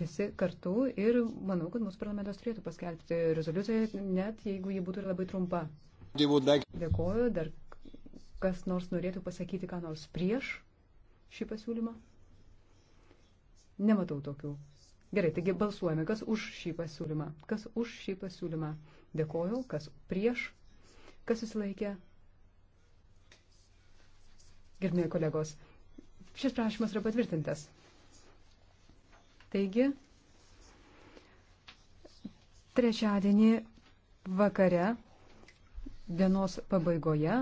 visi kartu ir manau, kad mūsų parlamentas turėtų paskelbti rezoliuciją, net jeigu ji būtų ir labai trumpa. Dėkuoju, dar kas nors norėtų pasakyti ką nors prieš šį pasiūlymą? Nematau tokių. Gerai, taigi balsuojame, kas už šį pasiūlymą. Kas už šį pasiūlymą. Dėkoju, kas prieš, kas susilaikė. Gerbėjai kolegos, šis prašymas yra patvirtintas. Taigi, trečiadienį vakare, dienos pabaigoje,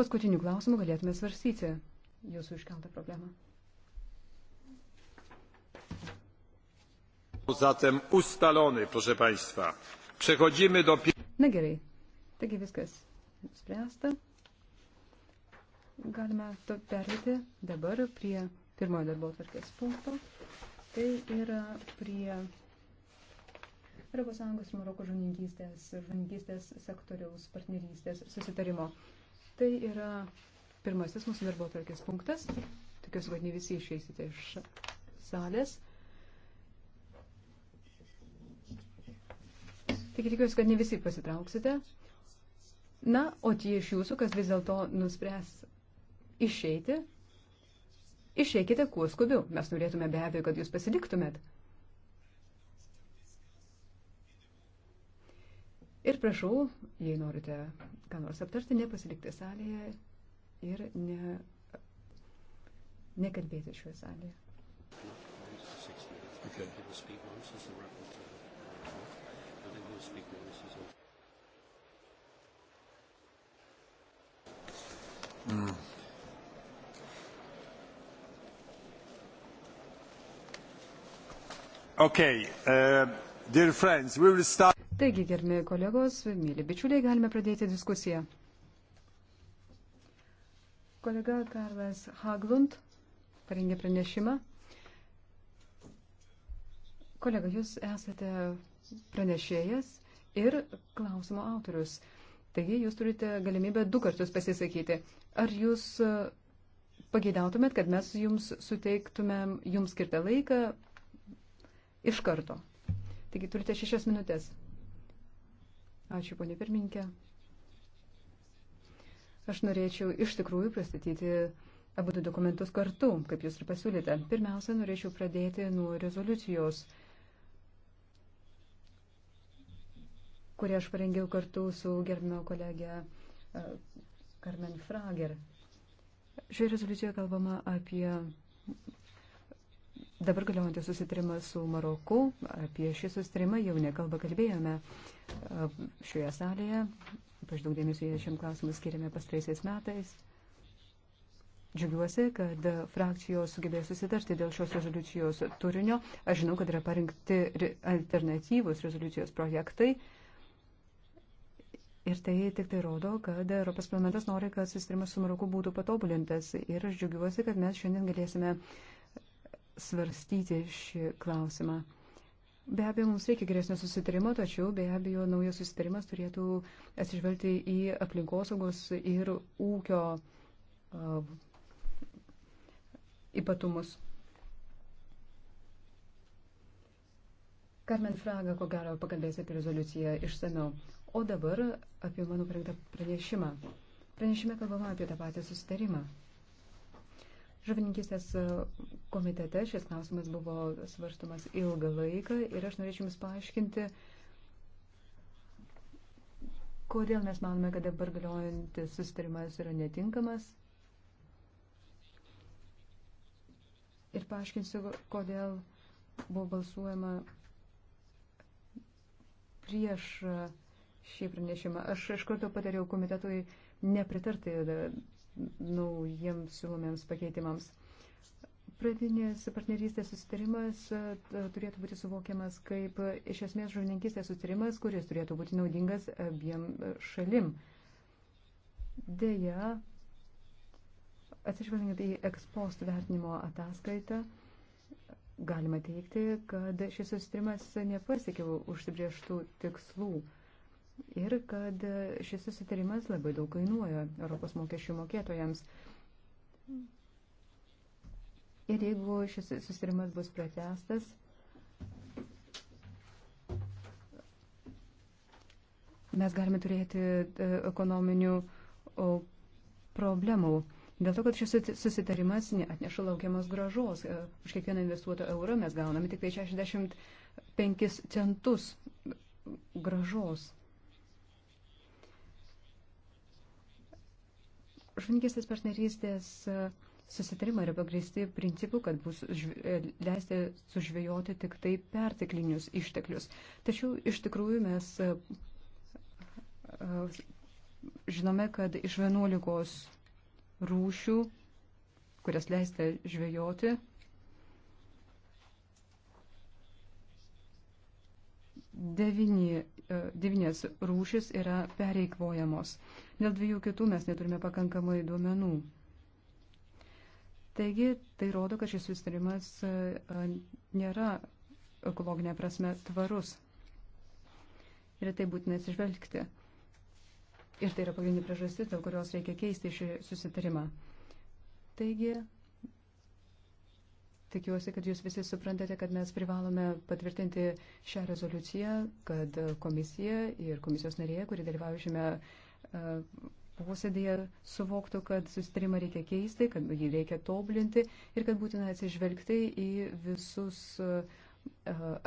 paskutinių klausimų galėtume svarstyti jūsų iškeltą problemą. Zatem ustalony, proszę Państwa. Przechodzimy do. Na gerai. Taigi viskas spręsta. Galime to perėti dabar prie pirmojo darbo tvarkės punkto. Tai yra prie ES ir Maroko žuvininkystės, žuvininkystės sektoriaus partnerystės susitarimo. Tai yra pirmasis mūsų darbo tvarkės punktas. Tikiuosi, kad ne visi išeisite iš salės. Tik tikiuosi, kad ne visi pasitrauksite. Na, o tie iš jūsų, kas vis dėlto nuspręs išeiti, Išeikite kuo skubiau. Mes norėtume be abejo, kad jūs pasiliktumėt. Ir prašau, jei norite ką nors aptarti, nepasilikti salėje ir ne, nekalbėti šioje salėje. Okay. Okay, uh, friends, start... Taigi, gerbėjai kolegos, mėly bičiuliai, galime pradėti diskusiją. Kolega Karlas Haglund parengė pranešimą. Kolega, jūs esate pranešėjas ir klausimo autorius. Taigi, jūs turite galimybę du kartus pasisakyti. Ar jūs uh, pageidautumėt, kad mes jums suteiktumėm jums skirtą laiką iš karto. Taigi turite šešias minutės. Ačiū, ponė pirminkė. Aš norėčiau iš tikrųjų pristatyti abu du dokumentus kartu, kaip jūs ir pasiūlėte. Pirmiausia, norėčiau pradėti nuo rezoliucijos, kurią aš parengiau kartu su gerbimo kolegė e, Carmen Frager. Šioje rezoliucijoje kalbama apie dabar galiojantį susitarimą su Maroku. Apie šį susitarimą jau nekalbą kalbėjome e, šioje salėje. Ypač daug dėmesio šiam klausimui skiriame pastraisiais metais. Džiugiuosi, kad frakcijos sugebėjo susitarti dėl šios rezoliucijos turinio. Aš žinau, kad yra parinkti alternatyvus rezoliucijos projektai. Ir tai tik tai rodo, kad Europos parlamentas nori, kad susitarimas su Maroku būtų patobulintas. Ir aš džiugiuosi, kad mes šiandien galėsime uh, svarstyti šį klausimą. Be abejo, mums reikia geresnio susitarimo, tačiau be abejo, naujas susitarimas turėtų atsižvelgti į aplinkosaugos ir ūkio uh, ypatumus. Karmen Fraga, ko gero, pakalbės apie rezoliuciją išsameu. O dabar apie mano parengtą pranešimą. Pranešime kalbama apie tą patį susitarimą. Žuvininkistės e, komitete šis klausimas buvo svarstomas ilgą laiką ir aš norėčiau Jums paaiškinti, kodėl mes manome, kad dabar galiojantis sustarimas yra netinkamas. Ir paaiškinsiu, kodėl buvo balsuojama prieš e, šį pranešimą. Aš iš karto patariau komitetui nepritarti naujiems siūlomiems pakeitimams. Pradinės partnerystės susitarimas e, turėtų būti suvokiamas kaip iš esmės žuvininkystės susitarimas, kuris turėtų būti naudingas abiem e, šalim. Deja, atsižvelgiant į ekspost vertinimo ataskaitą, galima teikti, kad šis susitarimas nepasiekė užsibrieštų tikslų ir kad šis susitarimas labai daug kainuoja Europos mokesčių mokėtojams. Ir jeigu šis susitarimas bus pratestas, mes galime turėti e, ekonominių problemų. Dėl to, kad šis susitarimas atneša laukiamas gražos. E, už kiekvieną investuotą eurą mes gauname tik tai 65 centus gražos. Žuvininkystės partnerystės e, susitarimai yra pagrįsti principu, kad bus žv... E, leisti sužvėjoti tik tai perteklinius išteklius. Tačiau iš tikrųjų mes e, žinome, kad iš 11 rūšių, kurias leista žvėjoti, Devini devynias rūšis yra pereikvojamos. Dėl dviejų kitų mes neturime pakankamai duomenų. Taigi, tai rodo, kad šis sustarimas e, e, nėra ekologinė prasme tvarus. Ir tai būtina atsižvelgti. Ir tai yra pagrindinė priežastis, dėl kurios reikia keisti šį susitarimą. Taigi, Tikiuosi, kad jūs visi suprantate, kad mes privalome patvirtinti šią rezoliuciją, kad komisija ir komisijos narė, kuri dalyvauja šiame e, posėdėje, suvoktų, kad susitarimą reikia keisti, kad jį reikia tobulinti ir kad būtina atsižvelgti į visus e,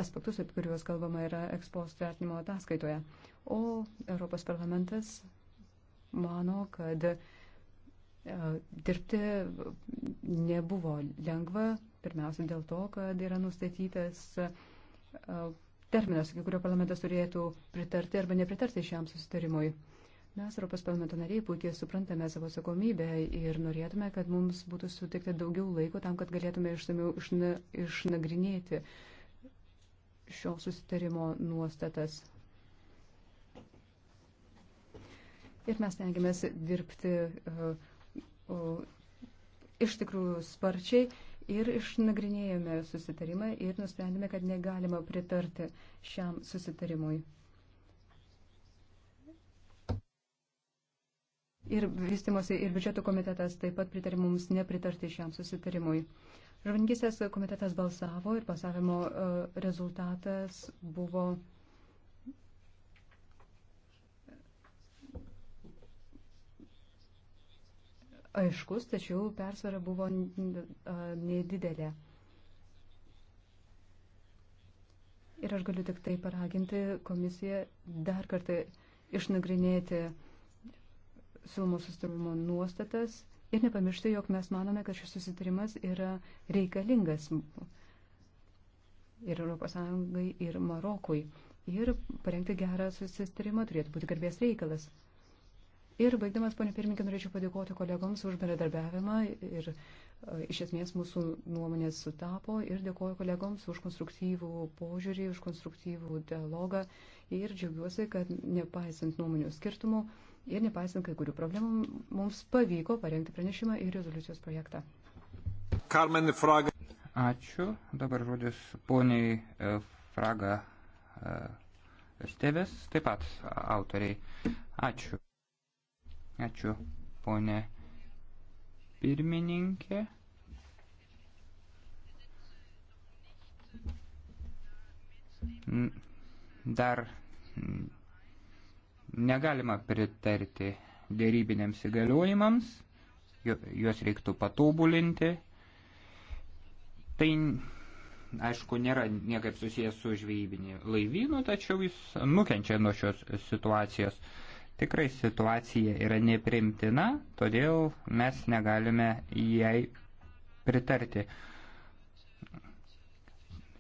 aspektus, apie kuriuos kalbama yra ekspost vertinimo ataskaitoje. O Europos parlamentas mano, kad e, dirbti nebuvo lengva, Pirmiausia, dėl to, kad yra nustatytas terminas, iki kurio parlamentas turėtų pritarti arba nepritarti šiam susitarimui. Mes, Europos parlamento nariai, puikiai suprantame savo atsakomybę ir norėtume, kad mums būtų sutikta daugiau laiko tam, kad galėtume išsamiau išna, išnagrinėti šio susitarimo nuostatas. Ir mes tengiamės dirbti uh, uh, iš tikrųjų sparčiai ir išnagrinėjome susitarimą ir nusprendėme, kad negalima pritarti šiam susitarimui. Ir vystimosi ir biudžeto komitetas taip pat pritarė mums nepritarti šiam susitarimui. Žuvininkystės komitetas balsavo ir balsavimo e, rezultatas buvo aiškus, tačiau persvara buvo nedidelė. Ir aš galiu tik tai paraginti komisiją dar kartą išnagrinėti siūlomo sustarimo nuostatas ir nepamiršti, jog mes manome, kad šis susitarimas yra reikalingas ir ES, ir Marokui. Ir parengti gerą susitarimą turėtų būti garbės reikalas. Ir baigdamas, ponė pirmininkė, norėčiau padėkoti kolegoms už bendradarbiavimą ir e, iš esmės mūsų nuomonės sutapo ir dėkoju kolegoms už konstruktyvų požiūrį, už konstruktyvų dialogą ir džiaugiuosi, kad nepaisant nuomonių skirtumų ir nepaisant kai kurių problemų, mums pavyko parengti pranešimą ir rezoliucijos projektą. Carmen Fraga. Ačiū. Dabar žodis poniai e, Fraga Estevės, taip pat autoriai. Ačiū. Ačiū, ponė pirmininkė. Dar negalima pritarti dėrybinėms įgaliojimams, juos reiktų patobulinti. Tai, aišku, nėra niekaip susijęs su žvejybinį laivynu, tačiau jis nukenčia nuo šios situacijos. Tikrai situacija yra neprimtina, todėl mes negalime jai pritarti.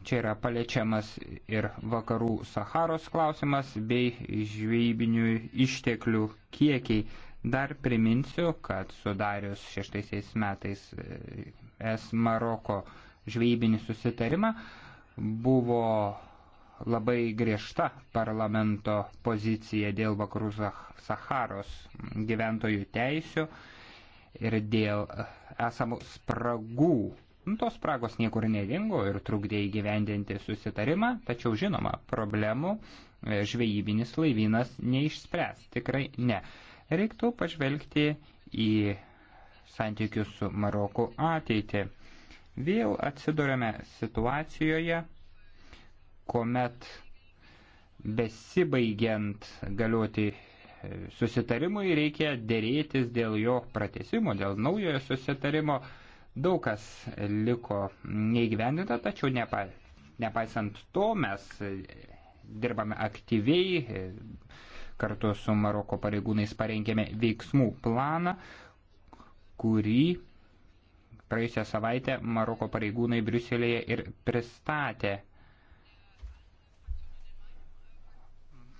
Čia yra paliečiamas ir vakarų Saharos klausimas bei žvejybinių išteklių kiekiai. Dar priminsiu, kad sudarius šeštaisiais metais e, es Maroko žvejybinį susitarimą buvo labai griežta parlamento pozicija dėl vakarų Saharos gyventojų teisių ir dėl esamų spragų. Nu, tos spragos niekur nedingo ir trukdė įgyvendinti susitarimą, tačiau žinoma, problemų e, žvejybinis laivynas neišspręs, tikrai ne. Reiktų pažvelgti į santykius su Maroku ateitį. Vėl atsidurėme situacijoje, kuomet besibaigiant galioti susitarimui reikia dėrėtis dėl jo pratesimo, dėl naujojo susitarimo. Daug kas liko neįgyvendinta, tačiau nepa, nepaisant to mes dirbame aktyviai, kartu su Maroko pareigūnais parengėme veiksmų planą, kurį praėjusią savaitę Maroko pareigūnai Briuselėje ir pristatė.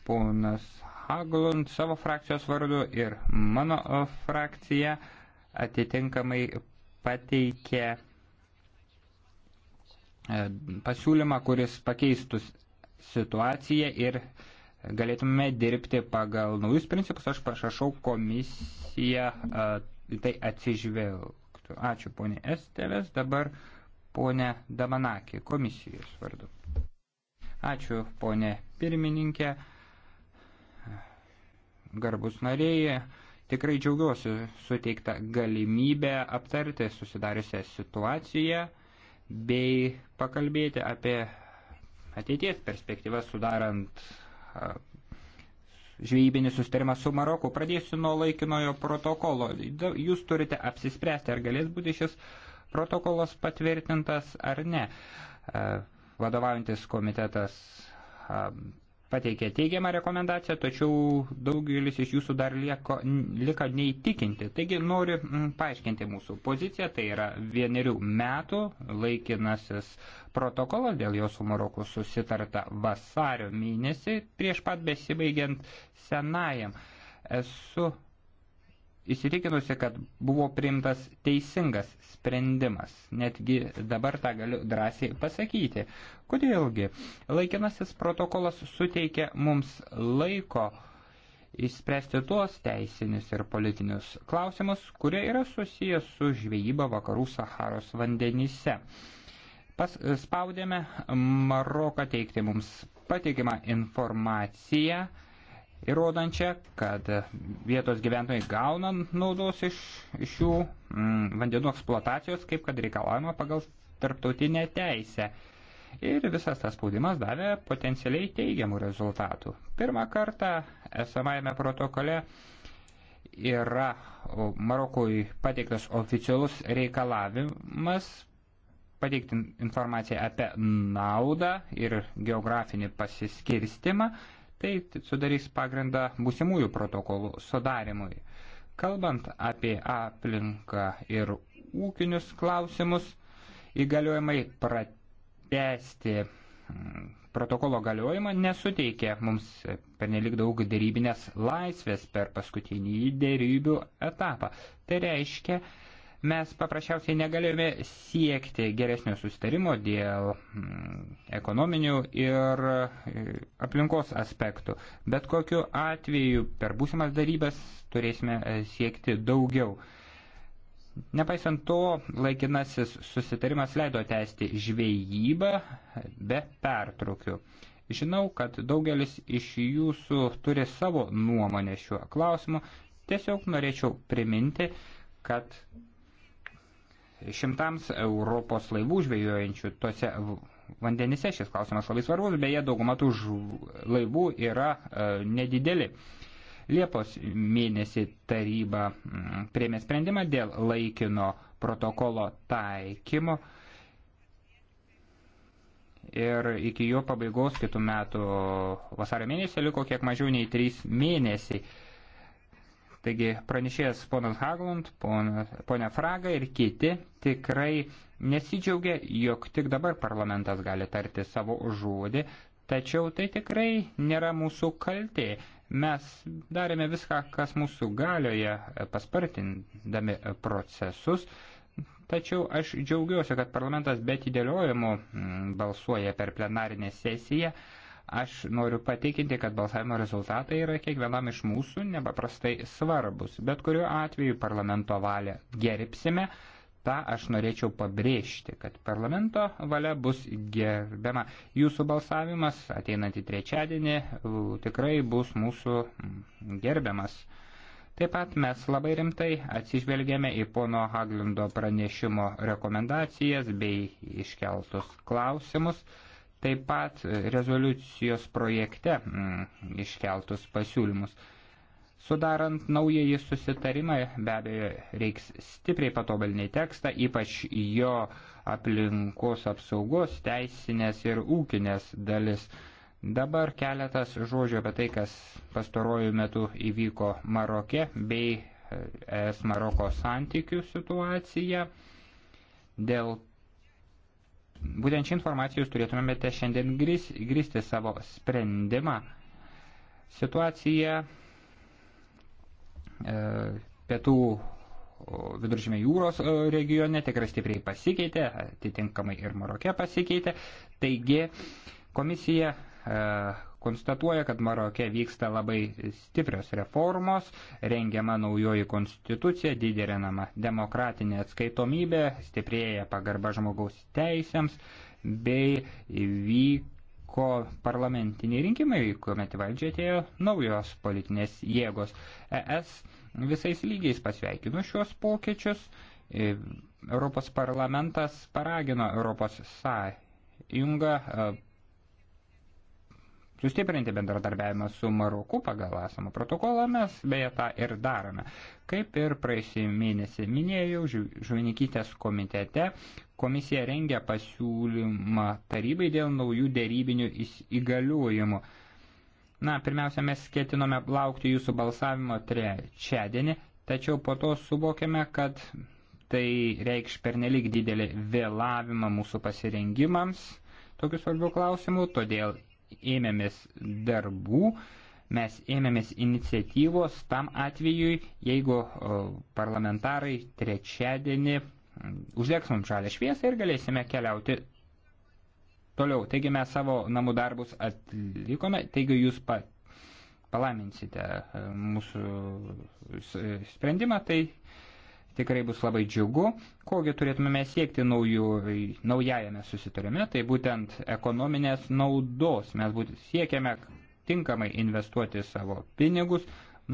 ponas Haglund savo frakcijos vardu ir mano e, frakcija atitinkamai pateikė e, pasiūlymą, kuris pakeistų situaciją ir galėtume dirbti pagal naujus principus. Aš prašau komisiją e, tai atsižvelgtų. Ačiū ponė Estevės, dabar ponė Damanakė komisijos vardu. Ačiū ponė pirmininkė garbus nariai, tikrai džiaugiuosi suteikta galimybė aptarti susidariusią situaciją bei pakalbėti apie ateities perspektyvas sudarant žvejybinį sustarimą su Maroku. Pradėsiu nuo laikinojo protokolo. Jūs turite apsispręsti, ar galės būti šis protokolas patvirtintas ar ne. Vadovaujantis komitetas pateikė teigiamą rekomendaciją, tačiau daugelis iš jūsų dar lieko, liko neįtikinti. Taigi noriu mm, paaiškinti mūsų poziciją, tai yra vienerių metų laikinasis protokolas, dėl jo su Maroku susitarta vasario mėnesį prieš pat besibaigiant senajam. Esu įsitikinusi, kad buvo priimtas teisingas sprendimas. Netgi dabar tą galiu drąsiai pasakyti. Kodėlgi? Laikinasis protokolas suteikia mums laiko išspręsti tuos teisinius ir politinius klausimus, kurie yra susijęs su žvejyba vakarų Saharos vandenyse. Pas, spaudėme Maroką teikti mums patikimą informaciją įrodančią, kad vietos gyventojai gauna naudos iš šių mm, vandenų eksploatacijos, kaip kad reikalavimo pagal tarptautinę teisę. Ir visas tas spaudimas davė potencialiai teigiamų rezultatų. Pirmą kartą esamajame protokole yra Marokui pateiktas oficialus reikalavimas pateikti informaciją apie naudą ir geografinį pasiskirstimą Tai sudarys pagrindą būsimųjų protokolų sudarimui. Kalbant apie aplinką ir ūkinius klausimus, įgaliojimai pratesti mm, protokolo galiojimą nesuteikė mums pernelik daug dėrybinės laisvės per paskutinį dėrybių etapą. Tai reiškia, mes paprasčiausiai negalėjome siekti geresnio sustarimo dėl mm, ekonominių ir e, aplinkos aspektų. Bet kokiu atveju per būsimas darybas turėsime e, siekti daugiau. Nepaisant to, laikinasis susitarimas leido tęsti žvejybą be pertraukių. Žinau, kad daugelis iš jūsų turi savo nuomonę šiuo klausimu. Tiesiog norėčiau priminti, kad šimtams Europos laivų žvejojančių tose vandenise. Šis klausimas labai svarbus, beje, dauguma tų laivų yra e, nedideli. Liepos mėnesį taryba mm, priemė sprendimą dėl laikino protokolo taikymo ir iki jo pabaigos kitų metų vasario mėnesio liko kiek mažiau nei 3 mėnesiai. Taigi pranešėjas ponas Haglund, ponia Fraga ir kiti tikrai nesidžiaugia, jog tik dabar parlamentas gali tarti savo žodį, tačiau tai tikrai nėra mūsų kaltė. Mes darėme viską, kas mūsų galioje, paspartindami procesus. Tačiau aš džiaugiuosi, kad parlamentas be atidėliojimų mm, balsuoja per plenarinę sesiją. Aš noriu patikinti, kad balsavimo rezultatai yra kiekvienam iš mūsų nepaprastai svarbus. Bet kuriuo atveju parlamento valią gerbsime. Ta aš norėčiau pabrėžti, kad parlamento valia bus gerbiama. Jūsų balsavimas ateinantį trečiadienį tikrai bus mūsų gerbiamas. Taip pat mes labai rimtai atsižvelgėme į pono Haglindo pranešimo rekomendacijas bei iškeltus klausimus taip pat rezoliucijos projekte m, mm, iškeltus pasiūlymus. Sudarant naująjį susitarimą, be abejo, reiks stipriai patobulinti tekstą, ypač jo aplinkos apsaugos, teisinės ir ūkinės dalis. Dabar keletas žodžių apie tai, kas pastarojų metų įvyko Maroke bei e, ES Maroko santykių situacija. Dėl Būtent šį informaciją jūs turėtumėte šiandien grįs, grįsti savo sprendimą. Situacija e, pietų viduržymė jūros e, regione tikrai stipriai pasikeitė, atitinkamai ir Marokė pasikeitė. Taigi komisija e, konstatuoja, kad Maroke vyksta labai stiprios reformos, rengiama naujoji konstitucija, diderinama demokratinė atskaitomybė, stiprėja pagarba žmogaus teisėms bei vyko parlamentiniai rinkimai, kuomet valdžia atėjo naujos politinės jėgos. ES visais lygiais pasveikino šios pokyčius. E, Europos parlamentas paragino Europos sąjungą e, sustiprinti bendradarbiavimą su Maroku pagal esamą protokolą, mes beje tą ir darome. Kaip ir praeisį mėnesį minėjau, žuvininkystės komitete komisija rengia pasiūlymą tarybai dėl naujų dėrybinių įgaliojimų. Na, pirmiausia, mes ketinome laukti jūsų balsavimo trečiadienį, tačiau po to suvokėme, kad tai reikš pernelyg didelį vėlavimą mūsų pasirengimams tokių svarbių klausimų, todėl ėmėmės darbų, mes ėmėmės iniciatyvos tam atvejui, jeigu parlamentarai trečiadienį uždegs mums žalę šviesą ir galėsime keliauti toliau. Taigi mes savo namų darbus atlikome, taigi jūs pat palaiminsite e, mūsų sprendimą, tai Tikrai bus labai džiugu, kogi turėtume siekti naujų, naujajame susitarime, tai būtent ekonominės naudos. Mes būtent siekiame tinkamai investuoti savo pinigus,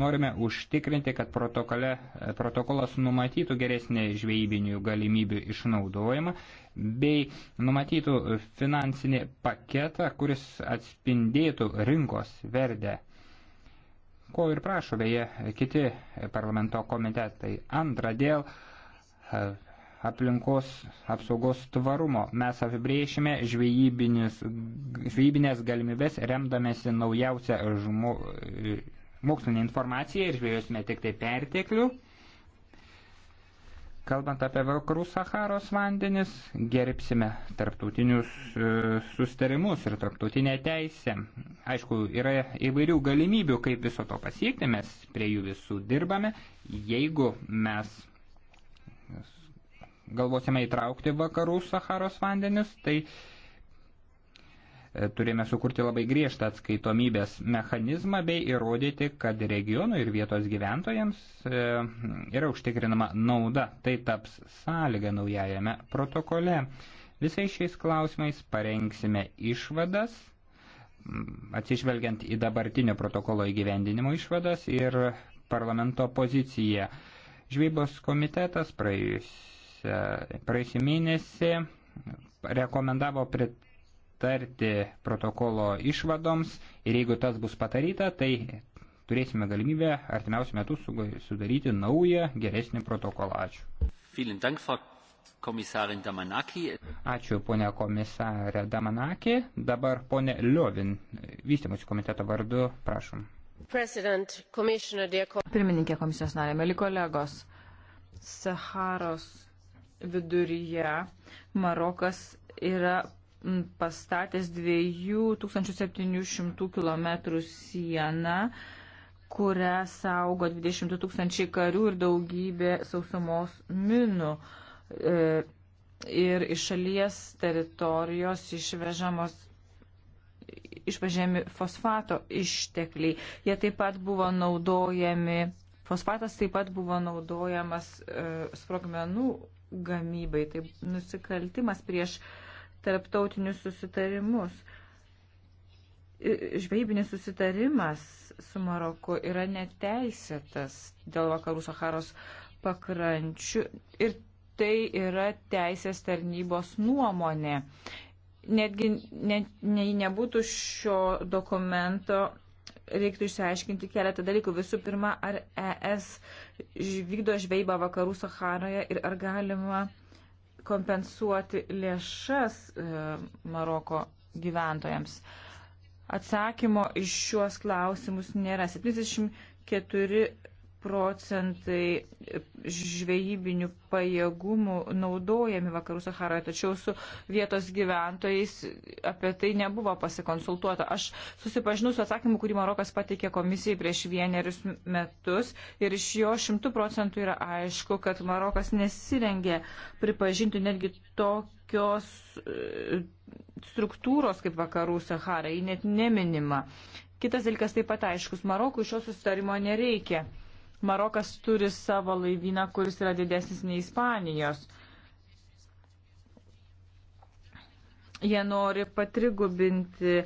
norime užtikrinti, kad protokolas numatytų geresnį žvejybinių galimybių išnaudojimą bei numatytų finansinį paketą, kuris atspindėtų rinkos verdę ko ir prašo beje kiti parlamento komitetai. Antra, dėl e, aplinkos apsaugos tvarumo mes apibrėšime žvejybinės galimybės remdamėsi naujausią žmo, e, mokslinę informaciją ir žvejosime tik tai perteklių. Kalbant apie vakarų Saharos vandenis, gerbsime tarptautinius e, sustarimus ir tarptautinę teisę. Aišku, yra įvairių galimybių, kaip viso to pasiekti, mes prie jų visų dirbame. Jeigu mes galvosime įtraukti vakarų Saharos vandenis, tai e, turime sukurti labai griežtą atskaitomybės mechanizmą bei įrodyti, kad regionų ir vietos gyventojams e, yra užtikrinama nauda. Tai taps sąlyga naujajame protokole. Visais šiais klausimais parengsime išvadas, atsižvelgiant į dabartinio protokolo įgyvendinimo išvadas ir parlamento poziciją. Žvybos komitetas praėjusį mėnesį rekomendavo prit pritarti protokolo išvadoms ir jeigu tas bus pataryta, tai turėsime galimybę artimiausių metų sudaryti naują, geresnį protokolą. Ačiū. Ačiū, ponė komisarė Damanakė. Dabar ponė Liovin, vystimusių komiteto vardu, prašom. Pirmininkė komisijos narė, mėly kolegos, Saharos viduryje Marokas yra pastatęs 2700 km sieną, kurią saugo 20 tūkstančiai karių ir daugybė sausumos minų. E, ir iš šalies teritorijos išvežamos išpažėmi fosfato ištekliai. Jie taip pat buvo naudojami, fosfatas taip pat buvo naudojamas e, sprogmenų gamybai. Tai nusikaltimas prieš e, tarptautinius susitarimus. Žvejybinis susitarimas su Maroku yra neteisėtas dėl vakarų Saharos pakrančių ir tai yra teisės tarnybos nuomonė. Netgi ne, ne, nebūtų šio dokumento, reiktų išsiaiškinti keletą dalykų. Visų pirma, ar ES vykdo žvejybą vakarų Saharoje ir ar galima kompensuoti lėšas e, Maroko gyventojams. Atsakymo iš šiuos klausimus nėra. 74 procentai žvejybinių pajėgumų naudojami Vakarų Saharoje, tačiau su vietos gyventojais apie tai nebuvo pasikonsultuota. Aš susipažinau su atsakymu, kurį Marokas pateikė komisijai prieš vienerius metus ir iš jo šimtų procentų yra aišku, kad Marokas nesirengė pripažinti netgi tokios e, struktūros kaip Vakarų Sahara, ji net neminima. Kitas dalykas taip pat aiškus, Marokui šio susitarimo nereikia. Marokas turi savo laivyną, kuris yra didesnis nei Ispanijos. Jie nori patrigubinti e,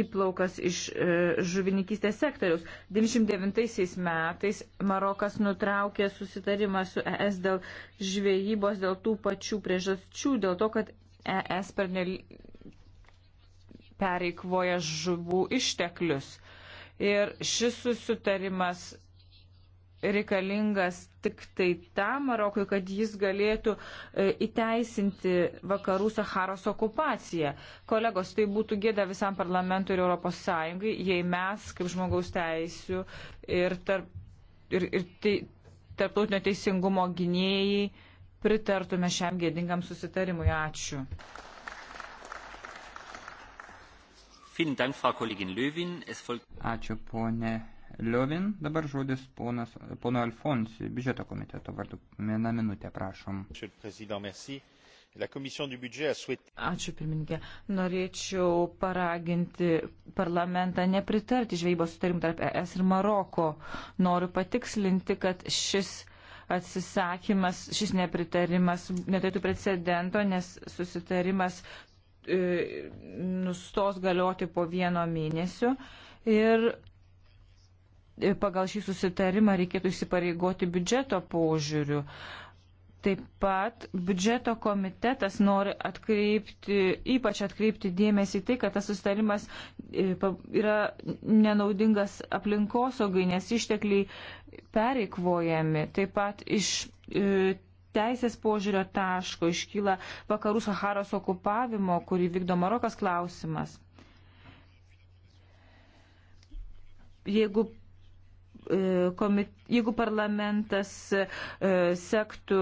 įplaukas iš e, žuvininkystės sektoriaus. 99 metais Marokas nutraukė susitarimą su ES dėl žvėjybos dėl tų pačių priežasčių, dėl to, kad ES pernel... pereikvoja žuvų išteklius. Ir šis susitarimas reikalingas tik tai tam Marokui, kad jis galėtų e, įteisinti vakarų Saharos okupaciją. Kolegos, tai būtų gėda visam parlamentui ir Europos Sąjungai, jei mes, kaip žmogaus teisų ir, tarp, ir, ir tai, tarptautinio teisingumo gynėjai, pritartume šiam gėdingam susitarimui. Ačiū. Ačiū, ponė Liovin, dabar žodis ponas, pono Alfonsi, biudžeto komiteto vardu. Vieną minutę, prašom. Ačiū pirmininkė. Norėčiau paraginti parlamentą nepritarti žvejybos sutarimų tarp ES ir Maroko. Noriu patikslinti, kad šis atsisakymas, šis nepritarimas neturėtų precedento, nes susitarimas e, nustos galioti po vieno mėnesio. Ir pagal šį susitarimą reikėtų įsipareigoti biudžeto požiūriu. Taip pat biudžeto komitetas nori atkreipti, ypač atkreipti dėmesį tai, kad tas sustarimas e, yra nenaudingas aplinkosaugai, nes ištekliai pereikvojami. Taip pat iš e, teisės požiūrio taško iškyla vakarų Saharos okupavimo, kurį vykdo Marokas klausimas. Jeigu E, komit, jeigu parlamentas e, sektų,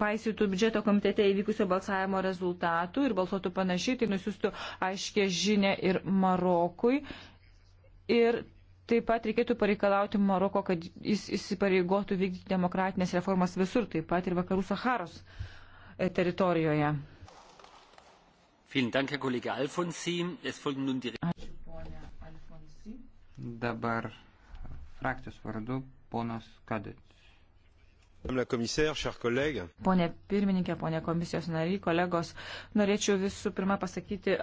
paisytų biudžeto komitete įvykusio balsavimo rezultatų ir balsuotų panašiai, tai nusiųstų aiškę žinę ir Marokui. Ir taip pat reikėtų pareikalauti Maroko, kad jis įsipareigotų vykdyti demokratinės reformas visur, taip pat ir vakarų Saharos e, teritorijoje. Dank, Ačiū, ponia Alfonsi. Dabar frakcijos vardu ponas Kadec. Pone pirmininkė, pone komisijos nariai, kolegos, norėčiau visų pirma pasakyti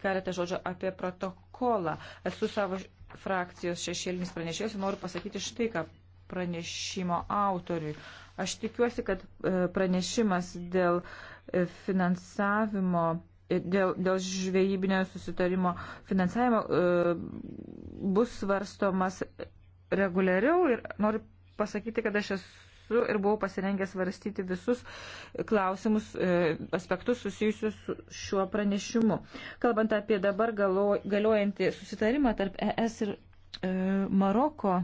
keletą žodžių apie protokolą. Esu savo frakcijos šešėlinis pranešėjas ir noriu pasakyti štai ką pranešimo autoriui. Aš tikiuosi, kad e, pranešimas dėl e, finansavimo e, dėl, dėl žvejybinio susitarimo finansavimo e, bus svarstomas reguliariau ir noriu pasakyti, kad aš esu ir buvau pasirengęs svarstyti visus klausimus, e, aspektus susijusius su šiuo pranešimu. Kalbant apie dabar galo, galiojantį susitarimą tarp ES ir e, Maroko,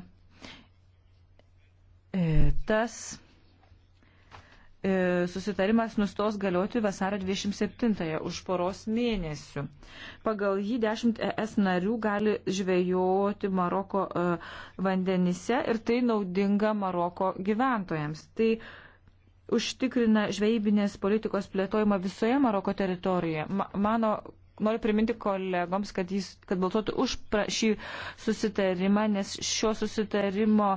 e, tas E, susitarimas nustos galioti vasario 27-ąją už poros mėnesių. Pagal jį 10 ES narių gali žvejoti Maroko e, vandenise ir tai naudinga Maroko gyventojams. Tai užtikrina žvejybinės politikos plėtojimą visoje Maroko teritorijoje. Ma mano noriu priminti kolegoms, kad, jis, kad balsuotų už pra, šį susitarimą, nes šio susitarimo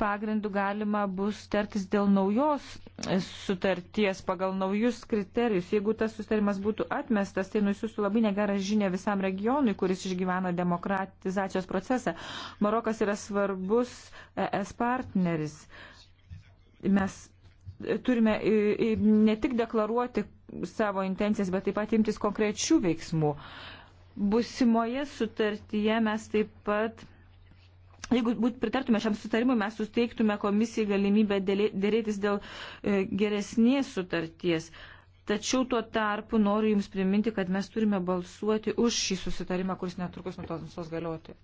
pagrindų galima bus tartis dėl naujos sutarties pagal naujus kriterijus. Jeigu tas susitarimas būtų atmestas, tai nusiųstų labai negerą žinę visam regionui, kuris išgyvena demokratizacijos procesą. Marokas yra svarbus ES partneris. Mes turime ne tik deklaruoti savo intencijas, bet taip pat imtis konkrečių veiksmų. Busimoje sutartyje mes taip pat, jeigu būt pritartume šiam sutarimui, mes suteiktume komisijai galimybę dėrėtis dėl e, geresnės sutarties. Tačiau tuo tarpu noriu Jums priminti, kad mes turime balsuoti už šį susitarimą, kuris netrukus nuo tos galioti.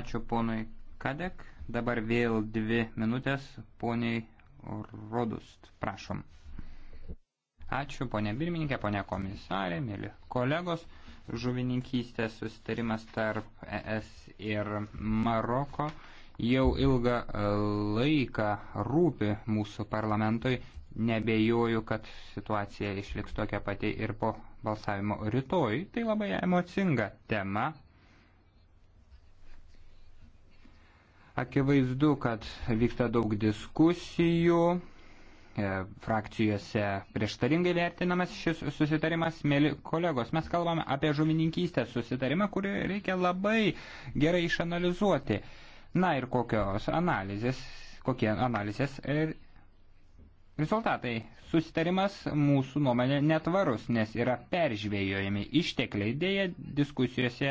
Ačiū ponui Kadek. Dabar vėl dvi minutės, poniai Rodust, prašom. Ačiū, ponė birmininkė, ponė komisarė, mėly kolegos. Žuvininkystės sustarimas tarp ES ir Maroko jau ilgą laiką rūpi mūsų parlamentui. Nebejoju, kad situacija išliks tokia pati ir po balsavimo rytoj. Tai labai emocinga tema, Akivaizdu, kad vyksta daug diskusijų, e, frakcijose prieštaringai vertinamas šis susitarimas. Mėly kolegos, mes kalbame apie žuvininkystės susitarimą, kurį reikia labai gerai išanalizuoti. Na ir kokios analizės, kokie analizės ir e, rezultatai. Susitarimas mūsų nuomonė netvarus, nes yra peržvėjojami ištekliai dėja diskusijose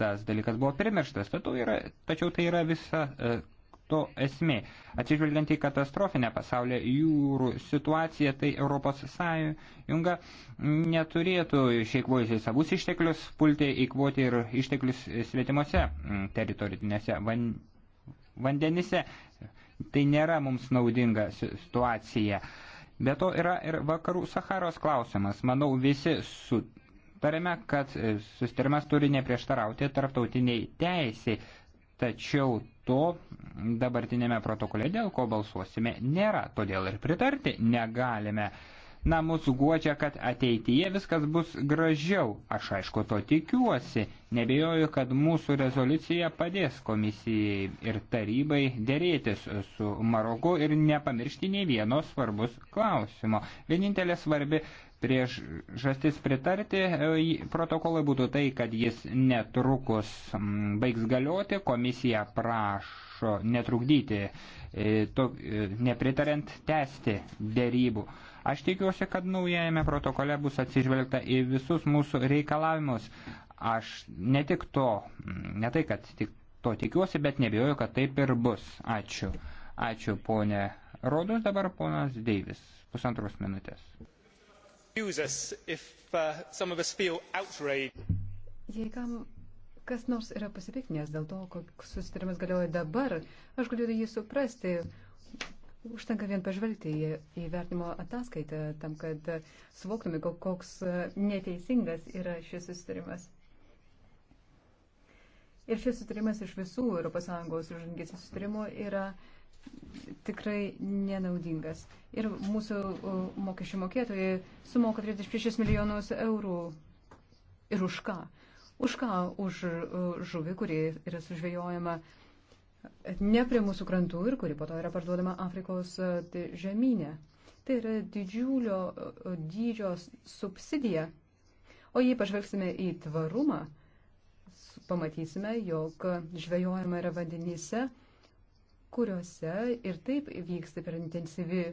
tas dalykas buvo primirštas, tačiau, yra, tačiau tai yra visa e, to esmė. Atsižvelgiant į katastrofinę pasaulio jūrų situaciją, tai ES neturėtų išeikvojusi savus išteklius, pulti įkvoti ir išteklius svetimuose teritorinėse van, vandenise. Tai nėra mums naudinga situacija. Be to yra ir vakarų Saharos klausimas. Manau, visi su, Tarėme, kad e, sustarimas turi neprieštarauti tarptautiniai teisiai, tačiau to dabartinėme protokole, dėl ko balsuosime, nėra, todėl ir pritarti negalime. Na, mūsų guodžia, kad ateityje viskas bus gražiau. Aš aišku to tikiuosi. Nebejoju, kad mūsų rezoliucija padės komisijai ir tarybai dėrėtis su Maroku ir nepamiršti nei vieno svarbus klausimo. Vienintelė svarbi Prieš žastis pritarti e, protokolai būtų tai, kad jis netrukus baigs galioti, komisija prašo netrukdyti, e, to, e, nepritariant tęsti dėrybų. Aš tikiuosi, kad naujajame protokole bus atsižvelgta į visus mūsų reikalavimus. Aš ne tik to, ne tai, kad tik to tikiuosi, bet nebijoju, kad taip ir bus. Ačiū. Ačiū, ponė Rodus, dabar ponas Deivis. Pusantros minutės. Uh, Jei kam kas nors yra pasipiknęs dėl to, koks susitarimas galioja dabar, aš galiu jį suprasti. Užtenka vien pažvelgti į, į vertimo ataskaitą tam, kad suvoktume, koks uh, neteisingas yra šis susitarimas. Ir šis sutarimas iš visų ES žangės sutarimų yra tikrai nenaudingas. Ir mūsų mokesčių mokėtojai sumoka 36 milijonus eurų. Ir už ką? Už ką? Už žuvį, kuri yra sužvėjojama ne prie mūsų krantų ir kuri po to yra parduodama Afrikos tai žemynė. Tai yra didžiulio dydžio subsidija. O jei pažvelgsime į tvarumą, pamatysime, jog žvejojama yra vandenyse, kuriuose ir taip vyksta per intensyvi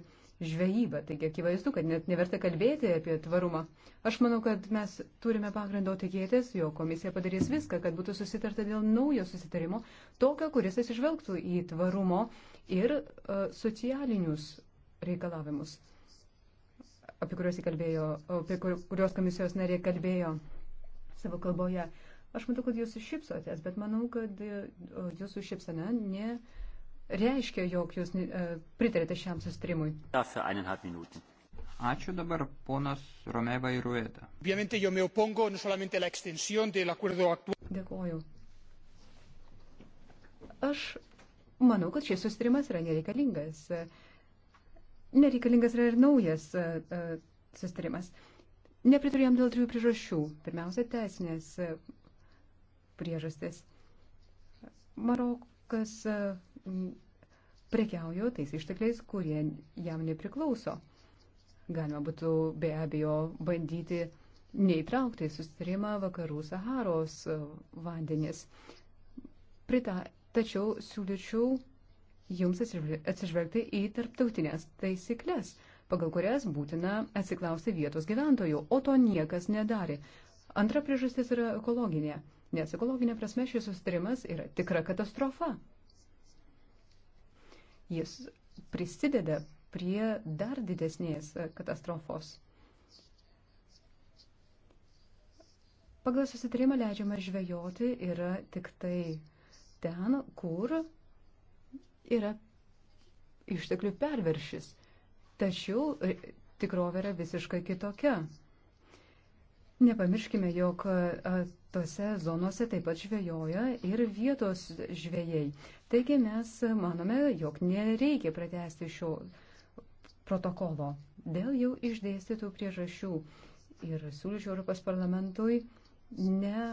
žvejyba. Taigi akivaizdu, kad net neverta kalbėti apie tvarumą. Aš manau, kad mes turime pagrindo tikėtis, jo komisija padarys viską, kad būtų susitarta dėl naujo susitarimo, tokio, kuris atsižvelgtų į tvarumo ir uh, socialinius reikalavimus, apie kuriuos, kalbėjo, apie kuriuos komisijos nariai kalbėjo savo kalboje. Uh, Aš matau, kad jūs šypsotės, bet manau, kad e, jūsų šypsena ne reiškia, jog jūs e, pritarėte šiam sustrimui. Ačiū dabar ponas Romeva ir Rueda. Dėkoju. Aš manau, kad šis sustrimas yra nereikalingas. Nereikalingas yra ir naujas e, sustrimas. Nepritarėjom dėl trijų priežasčių. Pirmiausia, teisinės priežastis. Marokas e, prekiaujo tais ištekliais, kurie jam nepriklauso. Galima būtų be abejo bandyti neįtraukti į sustarimą vakarų Saharos e, vandenis. Prita, tačiau siūlyčiau jums atsižvelgti į tarptautinės taisyklės, pagal kurias būtina atsiklausti vietos gyventojų, o to niekas nedarė. Antra priežastis yra ekologinė. Nes ekologinė prasme šis sustarimas yra tikra katastrofa. Jis prisideda prie dar didesnės e, katastrofos. Pagal susitarimą leidžiama žvejoti yra tik tai ten, kur yra išteklių perviršis. Tačiau e, tikrovė yra visiškai kitokia. Nepamirškime, jog tose zonose taip pat žvejoja ir vietos žvėjai. Taigi mes manome, jog nereikia pratesti šio protokolo dėl jau išdėstytų priežasčių. Ir siūlyčiau Europos parlamentui ne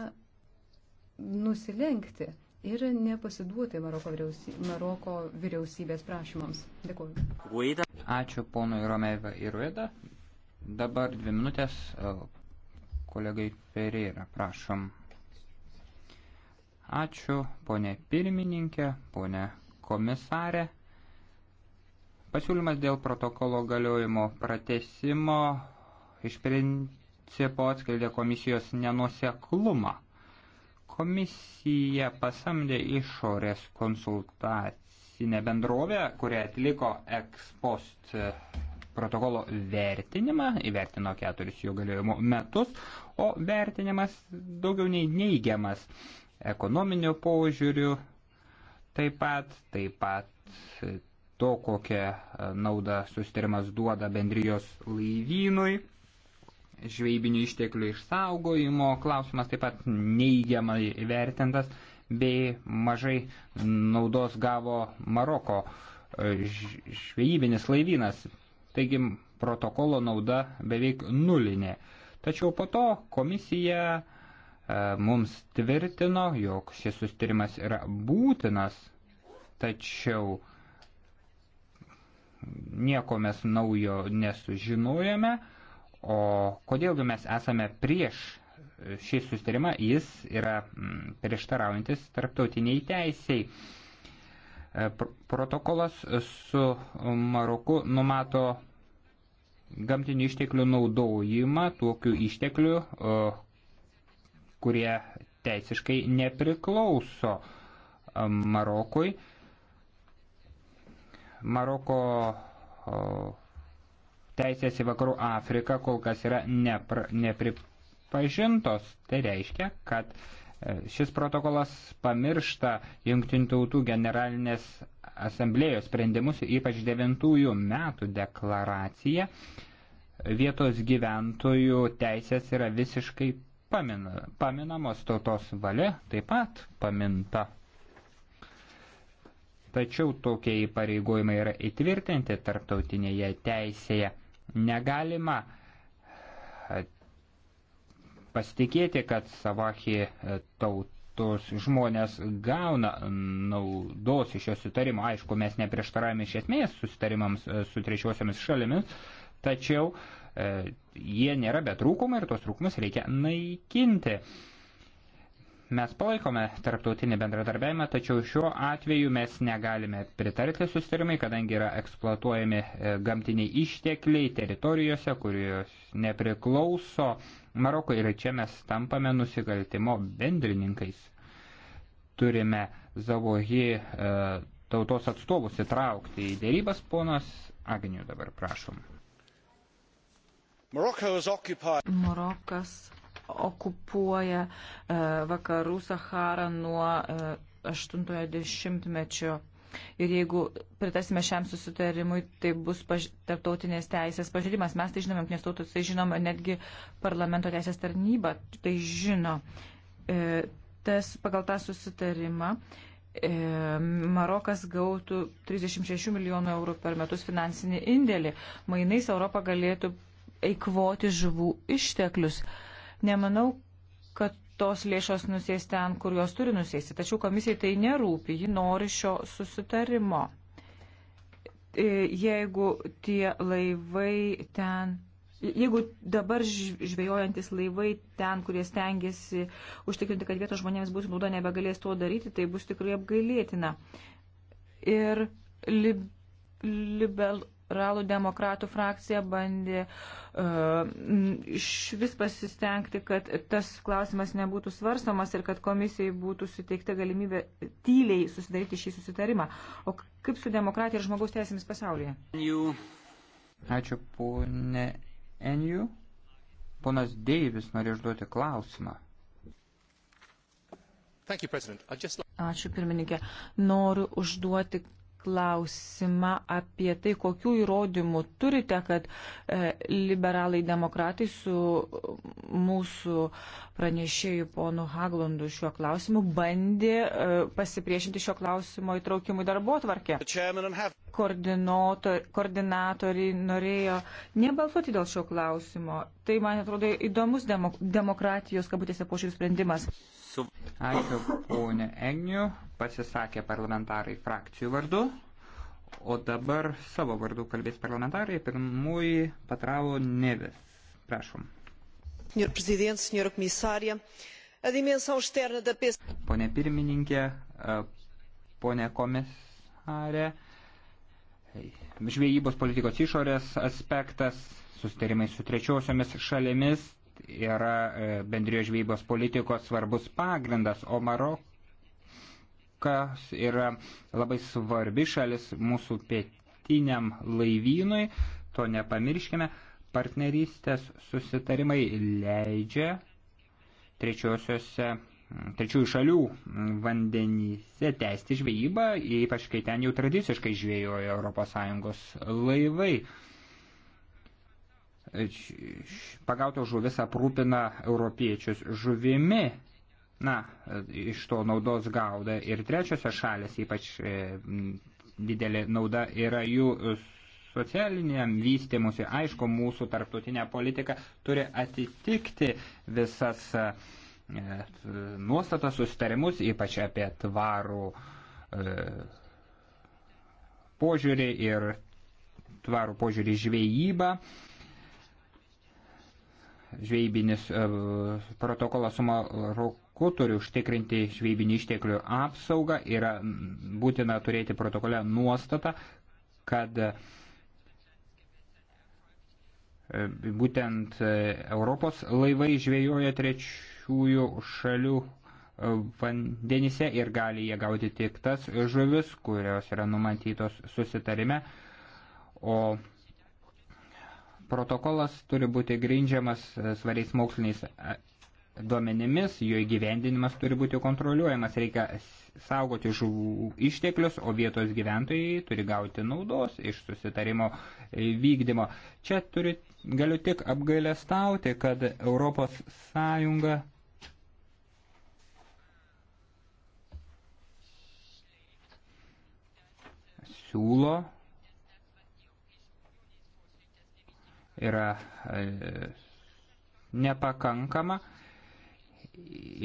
nusilenkti ir nepasiduoti Maroko, vyriausy... Maroko vyriausybės prašymams. Dėkuoju. Ačiū ponui Romeva ir Rueda. Dabar dvi minutės kolegai Pereira. Prašom. Ačiū, ponė pirmininkė, ponė komisarė. Pasiūlymas dėl protokolo galiojimo pratesimo iš principo atskleidė komisijos nenuseklumą. Komisija pasamdė išorės konsultacinę bendrovę, kurią atliko ekspost protokolo vertinimą, įvertino keturis jų galiojimo metus, o vertinimas daugiau nei neigiamas ekonominiu požiūriu, taip pat, taip pat to, kokią e, naudą sustarimas duoda bendrijos laivynui, žveibinių išteklių išsaugojimo klausimas taip pat neigiamai vertintas, bei mažai naudos gavo Maroko e, žvejybinis laivynas Taigi protokolo nauda beveik nulinė. Tačiau po to komisija e, mums tvirtino, jog šis sustarimas yra būtinas, tačiau nieko mes naujo nesužinojame, o kodėlgi mes esame prieš šį sustarimą, jis yra mm, prieštaraujantis tarptautiniai teisiai. E, protokolas su Maroku numato gamtinių išteklių naudojimą, tokių išteklių, e, kurie teisiškai nepriklauso e, Marokui. Maroko teisės į vakarų Afriką kol kas yra nepra, nepripažintos. Tai reiškia, kad Šis protokolas pamiršta Junktinių tautų generalinės asamblėjos sprendimus, ypač devintųjų metų deklaraciją. Vietos gyventojų teisės yra visiškai pamina, paminamos tautos valia, taip pat paminta. Tačiau tokie įpareigojimai yra įtvirtinti tarptautinėje teisėje. Negalima uh, pasitikėti, kad Savahė e, tautos žmonės gauna naudos iš šio sutarimo. Aišku, mes neprieštaravome iš esmės susitarimams e, su trečiosiamis šalimis, tačiau e, jie nėra be trūkumų ir tos trūkumus reikia naikinti. E, Mes palaikome tarptautinį bendradarbiavimą, tačiau šiuo atveju mes negalime pritarti sustarimai, kadangi yra eksploatuojami e, gamtiniai ištekliai teritorijose, kurios nepriklauso Maroko ir čia mes tampame nusikaltimo bendrininkais. Turime Zavohi e, tautos atstovus įtraukti į dėrybas, ponas Agnių dabar prašom. Marokas okupuoja e, vakarų Saharą nuo 80-mečio. E, ir jeigu pritarsime šiam susitarimui, tai bus paž... tarptautinės teisės pažeidimas. Mes tai žinome, nes tautos tai žinoma, netgi parlamento teisės tarnyba tai žino. E, tas, pagal tą susitarimą e, Marokas gautų 36 milijonų eurų per metus finansinį indėlį. Mainais Europą galėtų eikvoti žuvų išteklius. E, Nemanau, kad tos lėšos nusės ten, kur jos turi nusėsti. Tačiau komisijai tai nerūpi, ji nori šio susitarimo. E, jeigu tie laivai ten Jeigu dabar žvejojantis laivai ten, kurie stengiasi užtikrinti, kad vietos žmonėms būtų nauda, nebegalės to daryti, tai bus tikrai apgailėtina. Ir lib, libel, liberalų demokratų frakcija bandė uh, iš vis pasistengti, kad tas klausimas nebūtų svarstamas ir kad komisijai būtų suteikta galimybė tyliai susidaryti šį susitarimą. O kaip su demokratija ir žmogaus teisėmis pasaulyje? Enju. Ačiū, ponė Enju. Ponas Deivis nori užduoti klausimą. You, just... Ačiū, pirmininkė. Noriu užduoti klausimą apie tai, kokių įrodymų turite, kad e, liberalai demokratai su mūsų pranešėjų ponu Haglundu šiuo klausimu bandė e, pasipriešinti šio klausimo įtraukimui darbo atvarkę koordinatoriai norėjo nebalsuoti dėl šio klausimo. Tai, man atrodo, įdomus demok demokratijos, kabutėse, pošiūrų sprendimas. Ačiū, ponė Egniu. Pasisakė parlamentarai frakcijų vardu. O dabar savo vardu kalbės parlamentarai. Pirmųjų patravo Neves. Prašom. Senhor Presidente, Senhora Comissária, a dimensão externa da PCP. Pone pirmininkė, pone komisarė, žvėjybos politikos išorės aspektas, susitarimai su trečiosiomis šalėmis yra e, bendrijos žvėjybos politikos svarbus pagrindas, o Marokas yra labai svarbi šalis mūsų pietiniam laivynui, to nepamirškime, partnerystės susitarimai leidžia trečiosiose trečiųjų šalių vandenyse tęsti žvejybą, ypač kai ten jau tradiciškai žvėjojo ES laivai. Pagautos žuvis aprūpina europiečius žuvimi. Na, iš to naudos gauda ir trečiosios šalės, ypač e, didelė nauda yra jų socialiniam vystimusi. Aišku, mūsų tarptautinė politika turi atitikti visas uh, E, nuostatas, sustarimus, ypač apie tvarų e, požiūrį ir tvarų požiūrį žvejybą. Žvejybinis e, protokolas su Maroku turi užtikrinti žvejybinį išteklių apsaugą. Yra būtina turėti protokole nuostatą, kad būtent Europos laivai žvejoja trečių trečiųjų šalių e, vandenyse ir gali jie gauti tik tas žuvis, kurios yra numatytos susitarime, o protokolas turi būti grindžiamas e, svariais moksliniais e, duomenimis, jo įgyvendinimas turi būti kontroliuojamas, reikia saugoti žuvų išteklius, o vietos gyventojai turi gauti naudos iš susitarimo vykdymo. Čia turi, galiu tik apgailestauti, kad Europos Sąjunga siūlo, yra e, nepakankama.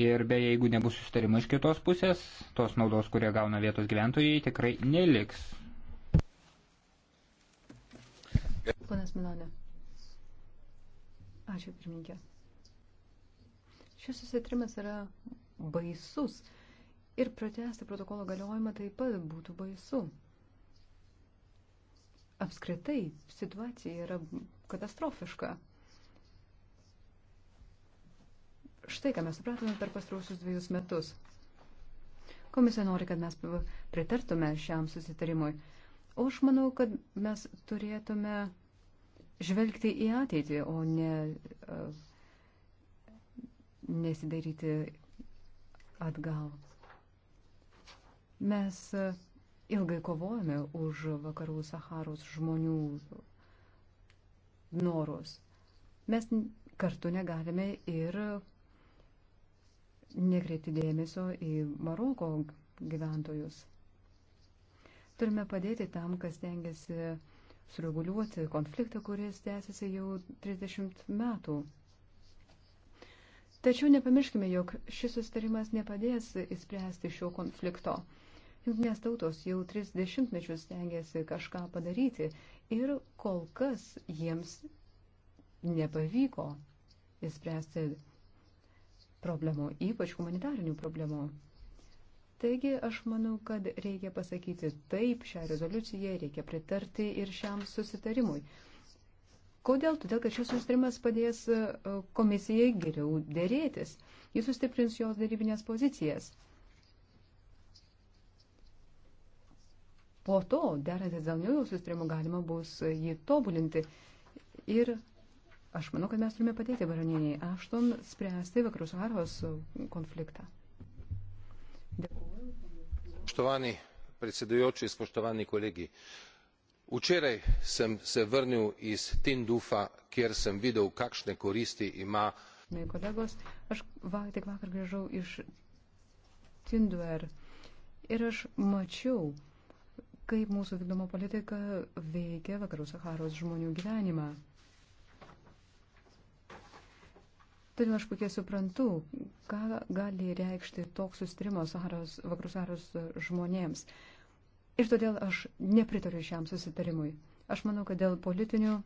Ir beje, jeigu nebus sustarimo iš kitos pusės, tos naudos, kurie gauna vietos gyventojai, tikrai neliks. Ponas Milonė. Ačiū, pirmininkė. Šis susitrimas yra baisus. Ir pratesti protokolo galiojimą taip pat būtų baisu. Apskritai situacija yra katastrofiška. Štai ką mes supratome per pastrausius dviejus metus. Komisija nori, kad mes pritartume šiam susitarimui. O aš manau, kad mes turėtume žvelgti į ateitį, o ne uh, nesidaryti atgal. Mes uh, ilgai kovojame už vakarų Saharos žmonių norus. Mes kartu negalime ir nekreipti dėmesio į Maroko gyventojus. Turime padėti tam, kas tengiasi sureguliuoti konfliktą, kuris tęsiasi jau 30 metų. Tačiau nepamirškime, jog šis sustarimas nepadės įspręsti šio konflikto. Junktinės tautos jau tris dešimtmečius stengiasi kažką padaryti ir kol kas jiems nepavyko įspręsti problemų, ypač humanitarinių problemų. Taigi aš manau, kad reikia pasakyti taip šią rezoliuciją, reikia pritarti ir šiam susitarimui. Kodėl? Todėl, kad šis sustarimas padės e, komisijai geriau dėrėtis. Jis sustiprins jos darybinės pozicijas. Po to, derantis dėl naujų sustarimų, galima bus jį tobulinti. Ir aš manau, kad mes turime padėti baroniniai Ašton spręsti vakarų Saharos konfliktą. Spoštovani predsedujoči, spoštovani kolegi. Včeraj sem se vrnil iz Tindufa, kjer sem videl, kakšne koristi ima. Ne, kolegos, aš va, tik vakar grįžau iš Tinduer ir aš mačiau, kaip mūsų vykdoma politika veikia vakarų Saharos žmonių gyvenimą. Todėl aš puikiai suprantu, ką gali reikšti toks sustarimas vakarų Saharos žmonėms. Ir todėl aš nepritariu šiam susitarimui. Aš manau, kad dėl politinių,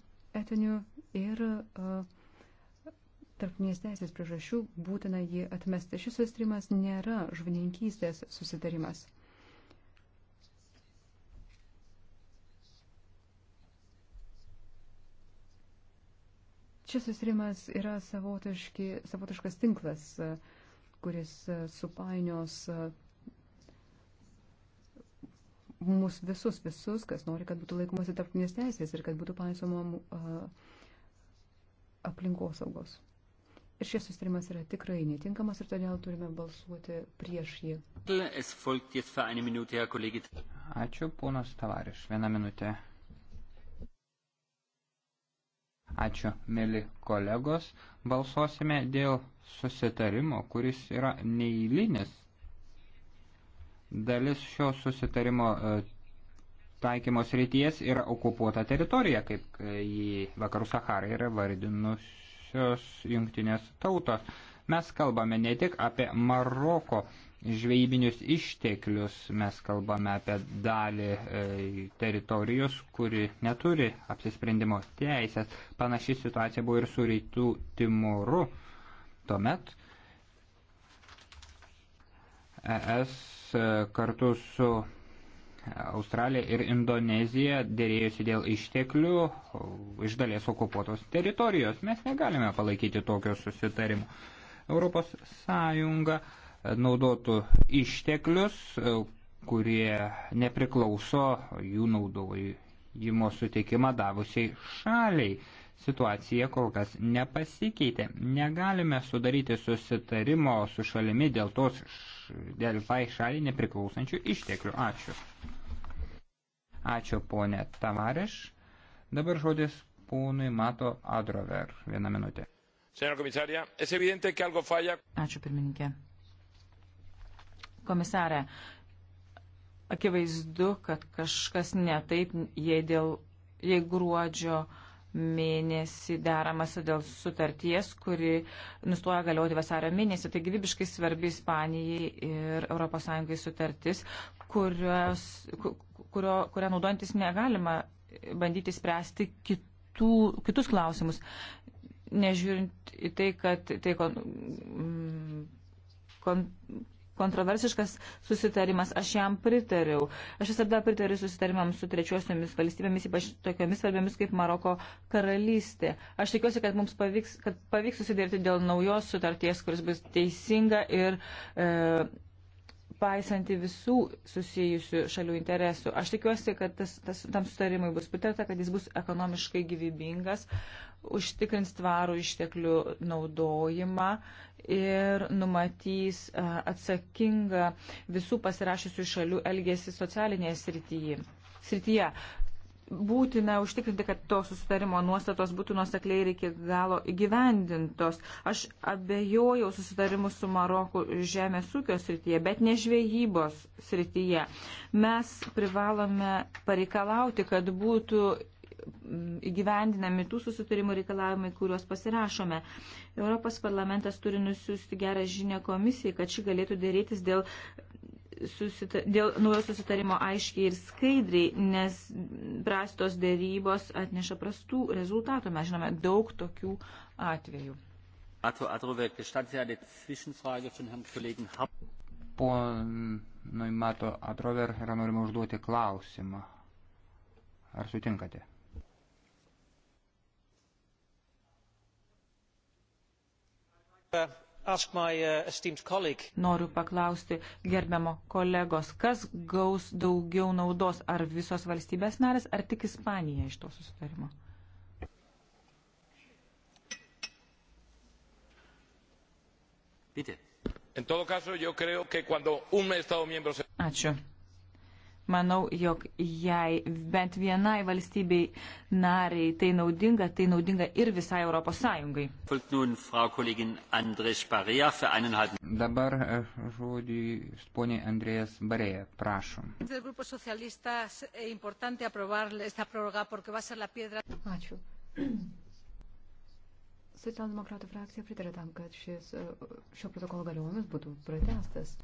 etinių ir uh, tarpinės teisės priežasčių būtina jį atmesti. Šis susitarimas nėra žvininkystės susitarimas. Šis susirimas yra savotiškas tinklas, e, kuris e, supainios e, mus visus, visus, kas nori, kad būtų laikomasi tarptinės teisės ir kad būtų paisoma aplinkosaugos. Ir šis sustarimas yra tikrai netinkamas ir todėl turime balsuoti prieš jį. Ačiū, ponas Tavariš. Vieną minutę. Ačiū, mėly kolegos. Balsuosime dėl susitarimo, kuris yra neįlinis. Dalis šio susitarimo e, taikymos ryties yra okupuota teritorija, kaip e, į Vakarų Saharą yra vardinusios jungtinės tautos. Mes kalbame ne tik apie Maroko žvejybinius išteklius. Mes kalbame apie dalį e, teritorijos, kuri neturi apsisprendimo teisės. Panaši situacija buvo ir su Rytų Timuru. Tuomet ES e, kartu su Australija ir Indonezija dėrėjusi dėl išteklių iš dalies okupuotos teritorijos. Mes negalime palaikyti tokio susitarimo. Europos Sąjunga uh, naudotų išteklius, kurie nepriklauso jų naudojimo suteikimą davusiai šaliai. Situacija kol kas nepasikeitė. Negalime sudaryti susitarimo su šalimi dėl tos, dėl tai šaliai nepriklausančių išteklių. Ačiū. Ačiū ponė Tavareš. Dabar žodis ponui Mato Adrover. Vieną minutę. Ačiū pirmininkė. Komisarė, akivaizdu, kad kažkas netaip, jei, dėl, jei gruodžio mėnesį deramasi dėl sutarties, kuri nustoja galioti vasario mėnesį. Tai gyvybiškai svarbi Ispanijai ir ES sutartis, kurios, kurio, kurią naudojantis negalima bandyti spręsti kitų, kitus klausimus. Nežiūrint į tai, kad tai kon, mm, kon, kontroversiškas susitarimas, aš jam pritariau. Aš visada pritariu susitarimams su trečiosiomis valstybėmis, ypač tokiomis svarbiomis kaip Maroko karalystė. Aš tikiuosi, kad mums pavyks, kad pavyks susidėrti dėl naujos sutarties, kuris bus teisinga ir e, paisanti visų susijusių šalių interesų. Aš tikiuosi, kad tas, tas, tam sutarimui bus pritarta, kad jis bus ekonomiškai gyvybingas, užtikrins tvarų išteklių naudojimą ir numatys e, atsakingą visų pasirašysių šalių elgesį socialinėje srityje. srityje. Būtina užtikrinti, kad to susitarimo nuostatos būtų nuosekliai ir iki galo įgyvendintos. Aš abejojau susitarimu su Maroku žemės ūkio srityje, bet ne žvejybos srityje. Mes privalome pareikalauti, kad būtų įgyvendinami tų susitarimų reikalavimai, kuriuos pasirašome. Europos parlamentas turi nusiųsti gerą žinę komisijai, kad ši galėtų dėrėtis dėl susita, dėl naujo susitarimo aiškiai ir skaidriai, nes prastos dėrybos atneša prastų rezultatų. Mes žinome daug tokių atvejų. Ponui Mato Atrover yra norima užduoti klausimą. Ar sutinkate? Uh, uh, Noriu paklausti gerbiamo kolegos, kas gaus daugiau naudos, ar visos valstybės narės, ar tik Ispanija iš to susitarimo? Ačiū. Manau, jog jei bent vienai valstybei nariai tai naudinga, tai naudinga ir visai Europos Sąjungai. Dabar äh, žodį poniai Andrėjas Barėja, prašom. Eh, Ačiū. Socialdemokratų frakcija pritarė tam, kad šis, eh, šio protokolo galiojimas būtų pratestas.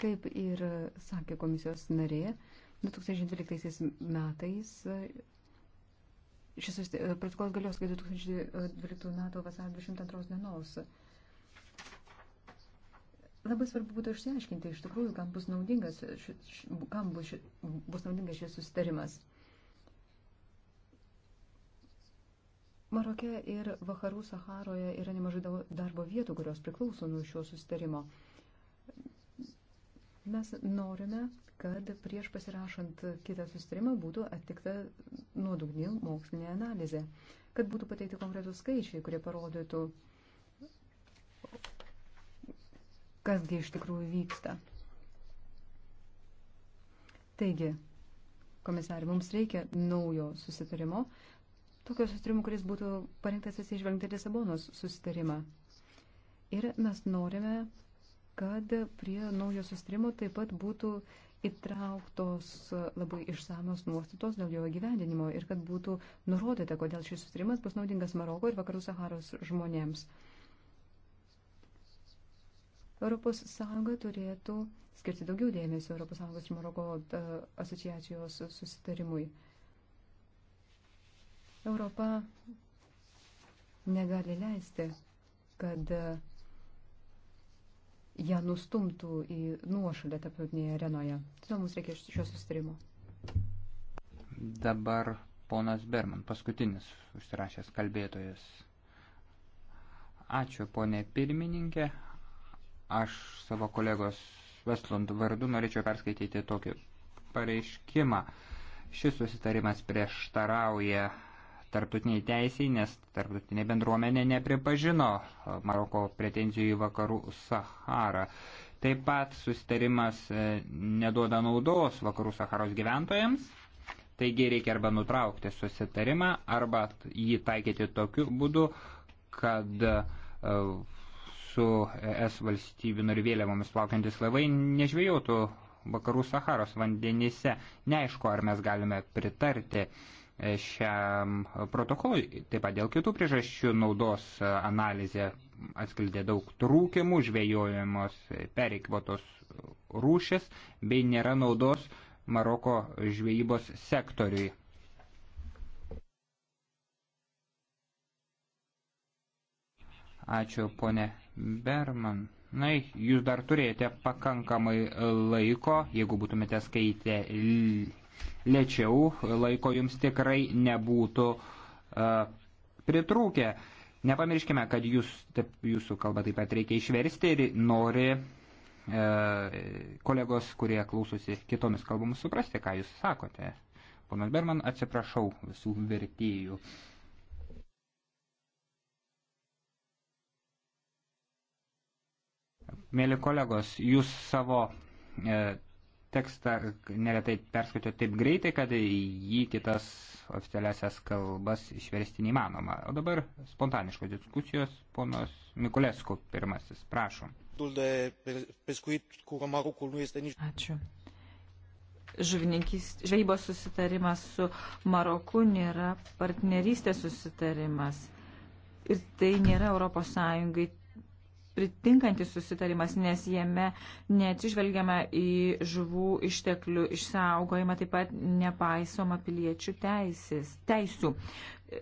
Kaip ir sakė komisijos narė, 2012 metais šis protokolas galios kai 2012 metų vasario 22 dienos. Labai svarbu būtų išsiaiškinti iš tikrųjų, kam bus naudingas, ši, kam bus, ši, bus naudingas šis susitarimas. Marokė ir Vakarų Saharoje yra nemažai darbo vietų, kurios priklauso nuo šio susitarimo. Mes norime, kad prieš pasirašant kitą sustarimą būtų atlikta nuodugni mokslinė analizė, kad būtų pateikti konkretus skaičiai, kurie parodytų, kasgi iš tikrųjų vyksta. Taigi, komisarė, mums reikia naujo susitarimo, tokio susitarimo, kuris būtų parinktas atsižvelgti Lisabonos susitarimą. Ir mes norime kad prie naujo sustrimo taip pat būtų įtrauktos labai išsamios nuostatos dėl jo gyvendinimo ir kad būtų nurodyta, kodėl šis sustrimas bus naudingas Maroko ir Vakarų Saharos žmonėms. ES turėtų skirti daugiau dėmesio ES ir Maroko e, asociacijos susitarimui. Europa negali leisti, kad ją nustumtų į nuošalę tarptautinėje arenoje. Todėl mums reikia šio sustarimo. Dabar ponas Berman, paskutinis užsirašęs kalbėtojas. Ačiū, ponė pirmininkė. Aš savo kolegos Vestlund vardu norėčiau perskaityti tokį pareiškimą. Šis susitarimas prieštarauja tarptautiniai teisiai, nes tarptautinė bendruomenė nepripažino Maroko pretenzijų į vakarų Saharą. Taip pat susitarimas e, neduoda naudos vakarų Saharos gyventojams, taigi reikia arba nutraukti susitarimą, arba jį taikyti tokiu būdu, kad e, su ES valstybių norvėliavomis plaukiantis laivai nežvėjotų vakarų Saharos vandenyse. Neaišku, ar mes galime pritarti šiam protokolui. Taip pat dėl kitų priežasčių naudos analizė atskleidė daug trūkimų, žvejojamos pereikvotos rūšis, bei nėra naudos Maroko žvejybos sektoriui. Ačiū, ponė Berman. Na, jūs dar turėjote pakankamai laiko, jeigu būtumėte skaitę lėčiau, laiko jums tikrai nebūtų uh, pritrūkę. Nepamirškime, kad jūs, taip, jūsų kalbą taip pat reikia išversti ir nori e, uh, kolegos, kurie klausosi kitomis kalbomis, suprasti, ką jūs sakote. Ponas Berman, atsiprašau visų vertėjų. Mėly kolegos, jūs savo e, tekstą neretai perskaito taip greitai, kad jį kitas oficialiasias kalbas išversti neįmanoma. O dabar spontaniškos diskusijos, ponas Mikulesku pirmasis, prašom. Nu Ačiū. Žvejybos susitarimas su Maroku nėra partnerystės susitarimas. Ir tai nėra ES pritinkantis susitarimas, nes jame neatsižvelgiama į žuvų išteklių išsaugojimą, taip pat nepaisoma piliečių teisės, teisų. E,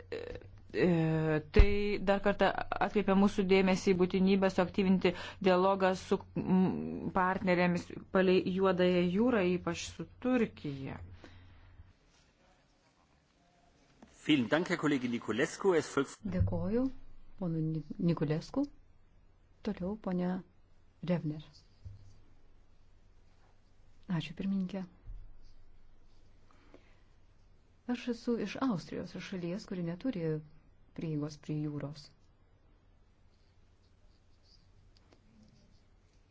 e, tai dar kartą atkreipia mūsų dėmesį į būtinybę suaktyvinti dialogą su partnerėmis palei Juodąją jūrą, ypač su Turkija. Dėkoju, ponu Nikulesku. Toliau ponia Revner. Ačiū pirmininkė. Aš esu iš Austrijos, iš šalies, kuri neturi prieigos prie jūros.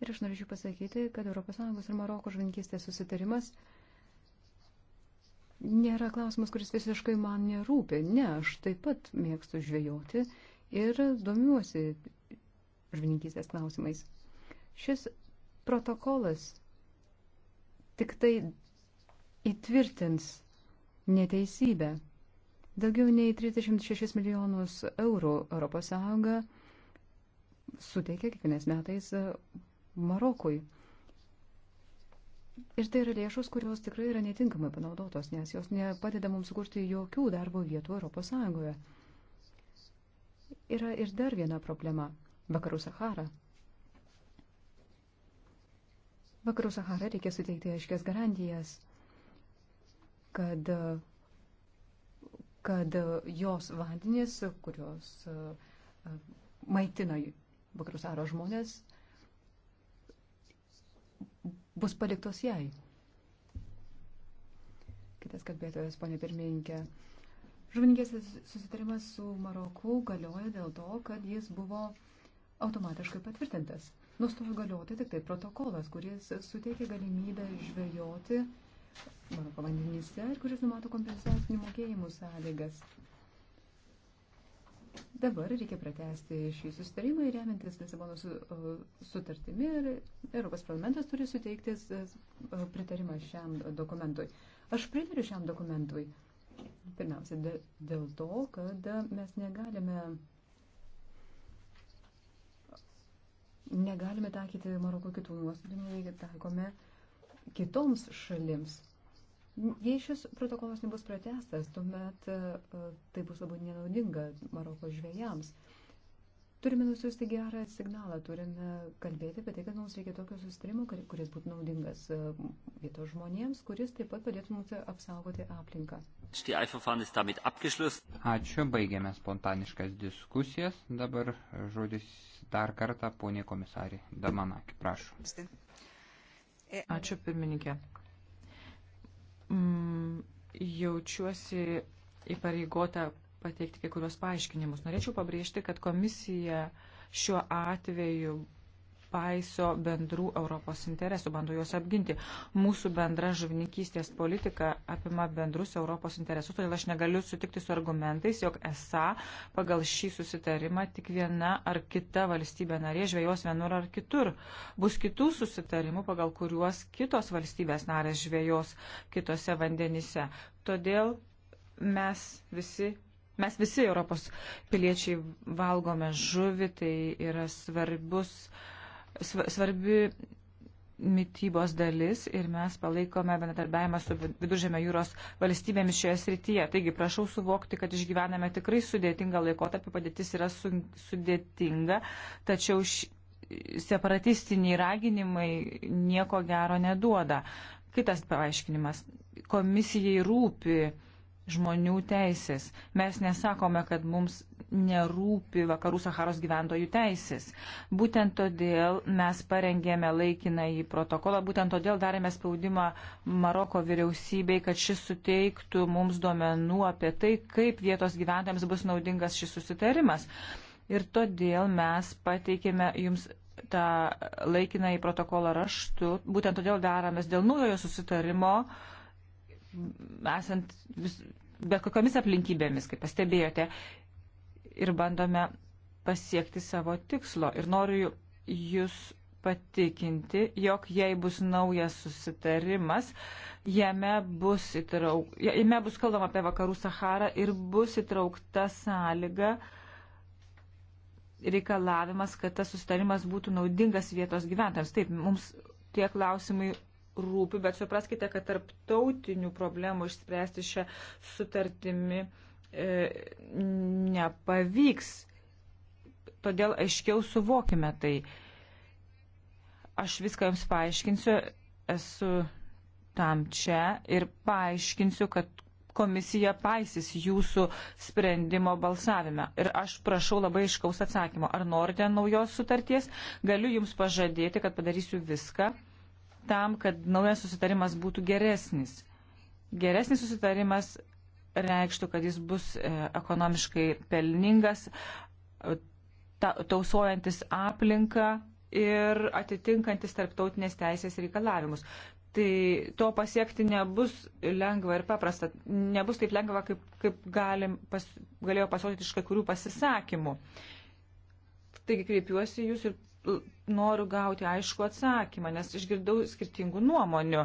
Ir aš norėčiau pasakyti, kad ES ir Maroko žvinkystės susitarimas nėra klausimas, kuris visiškai man nerūpi. Ne, aš taip pat mėgstu žvejoti ir domiuosi žvininkystės klausimais. Šis protokolas tik tai įtvirtins neteisybę. Daugiau nei 36 milijonus eurų ES suteikia kiekvienais metais Marokui. Ir tai yra lėšos, kurios tikrai yra netinkamai panaudotos, nes jos nepadeda mums sukurti jokių darbo vietų ES. Yra ir dar viena problema – Vakarų Sahara. Vakarų Sahara reikia suteikti aiškias garantijas, kad, kad jos vandenys, kurios e, maitina Vakarų Sahara žmonės, bus paliktos jai. Kitas kalbėtojas, ponė pirmininkė. Žuvininkės susitarimas su Maroku galioja dėl to, kad jis buvo uh, automatiškai patvirtintas. Nustojo galioti tik tai protokolas, kuris suteikia galimybę žvejoti mano pavandinėse ir kuris numato kompensacinių mokėjimų sąlygas. Dabar reikia pratesti šį susitarimą ir remiantis Lisabono uh, sutartimi ir Europos parlamentas turi suteikti uh, pritarimą šiam dokumentui. Aš pritariu šiam dokumentui. Pirmiausia, dėl to, kad mes negalime negalime taikyti Maroko kitų nuostatų, nei taikome kitoms šalims. Jei šis protokolas nebus pratestas, tuomet e, tai bus labai nenaudinga Maroko žvėjams. Turime nusiųsti gerą signalą, turime kalbėti apie tai, kad mums reikia tokio sustrimo, kuris būtų naudingas e, vietos žmonėms, kuris taip pat padėtų mums apsaugoti aplinką. Ačiū, baigėme spontaniškas diskusijas. Dabar žodis Dar kartą, ponė komisarė Damanakė, prašau. Ačiū, pirmininkė. Mm, jaučiuosi įpareigota pateikti kai kurios paaiškinimus. Norėčiau pabrėžti, kad komisija šiuo atveju paiso bendrų Europos interesų, bando juos apginti. Mūsų bendra žuvininkystės politika apima bendrus Europos interesus, todėl aš negaliu sutikti su argumentais, jog esą pagal šį susitarimą tik viena ar kita valstybė narė žvėjos vienur ar kitur. Bus kitų susitarimų, pagal kuriuos kitos valstybės narės žvėjos kitose vandenyse. Todėl mes visi Mes visi Europos piliečiai valgome žuvį, tai yra svarbus uh, svarbi mytybos dalis ir mes palaikome bendradarbiavimą su Viduržėmio jūros valstybėmis šioje srityje. Taigi prašau suvokti, kad išgyvename tikrai sudėtingą laikotarpį, padėtis yra sudėtinga, tačiau separatistiniai raginimai nieko gero neduoda. Kitas paaiškinimas. Komisijai rūpi žmonių teisės. Mes nesakome, kad mums nerūpi vakarų Saharos gyventojų teisės. Būtent todėl mes parengėme laikiną į protokolą, būtent todėl darėme spaudimą Maroko vyriausybei, kad šis suteiktų mums duomenų apie tai, kaip vietos gyventojams bus naudingas šis susitarimas. Ir todėl mes pateikėme jums tą laikiną į protokolą raštu, būtent todėl daromės dėl naujojo susitarimo, uh, esant vis, bet kokiamis aplinkybėmis, kaip pastebėjote, ir bandome pasiekti savo tikslo. Ir noriu jūs patikinti, jog jei bus naujas susitarimas, jame bus, įtrauk, jame bus kalbama apie vakarų Saharą ir bus įtraukta sąlyga reikalavimas, kad tas susitarimas būtų naudingas vietos gyventojams. Taip, mums tie klausimai rūpi, bet supraskite, kad tarptautinių problemų išspręsti šią sutartimi e, nepavyks. Todėl aiškiau suvokime tai. Aš viską jums paaiškinsiu, esu tam čia ir paaiškinsiu, kad komisija paisys jūsų sprendimo balsavime. Ir aš prašau labai iškaus atsakymo. Ar norite naujos sutarties? Galiu jums pažadėti, kad padarysiu viską, tam, kad naujas susitarimas būtų geresnis. Geresnis susitarimas reikštų, kad jis bus e, ekonomiškai pelningas, e, tausojantis aplinką ir atitinkantis tarptautinės teisės reikalavimus. Tai to pasiekti nebus lengva ir paprasta. Nebus taip lengva, kaip, kaip galim, pas, galėjo pasakyti iš kai kurių pasisakymų. Taigi kreipiuosi jūs ir noriu gauti aišku atsakymą, nes išgirdau skirtingų nuomonių.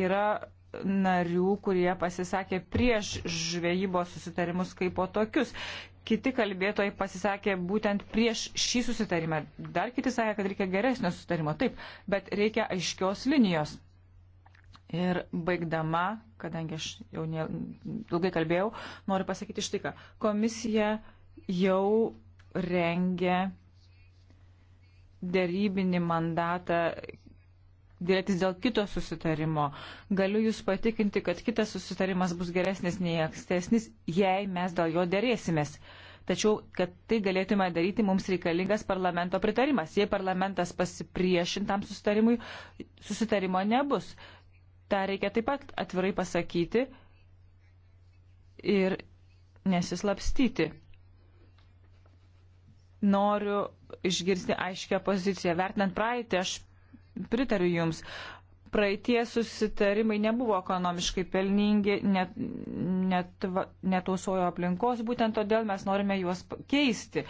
Yra narių, kurie pasisakė prieš žvejybos susitarimus kaip po tokius. Kiti kalbėtojai pasisakė būtent prieš šį susitarimą. Dar kiti sakė, kad reikia geresnio susitarimo. Taip, bet reikia aiškios linijos. Ir baigdama, kadangi aš jau ne, ilgai kalbėjau, noriu pasakyti štai ką. Komisija jau rengia dėrybinį mandatą dėrėtis dėl kito susitarimo. Galiu Jūs patikinti, kad kitas susitarimas bus geresnis nei ankstesnis, jei mes dėl jo dėrėsimės. Tačiau, kad tai galėtume daryti, mums reikalingas parlamento pritarimas. Jei parlamentas pasipriešintam susitarimui, susitarimo nebus. Ta reikia taip pat atvirai pasakyti ir nesislapstyti noriu išgirsti aiškę poziciją. Vertinant praeitį, aš pritariu Jums. Praeitie susitarimai nebuvo ekonomiškai pelningi, net, net, netausojo aplinkos, būtent todėl mes norime juos keisti.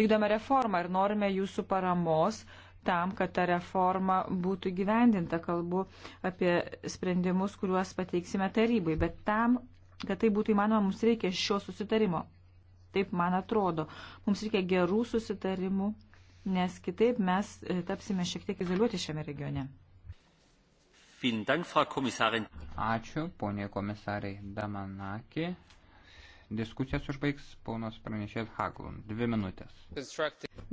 Vykdome reformą ir norime jūsų paramos tam, kad ta reforma būtų gyvendinta. Kalbu apie sprendimus, kuriuos pateiksime tarybai, bet tam, kad tai būtų įmanoma, mums reikia šio susitarimo. Taip man atrodo. Mums reikia gerų susitarimų, nes kitaip mes e, tapsime šiek tiek izoliuoti šiame regione. Ačiū, ponė komisarai Damanaki. Diskusijas užbaigs ponas pranešėjas Haglund. Dvi minutės.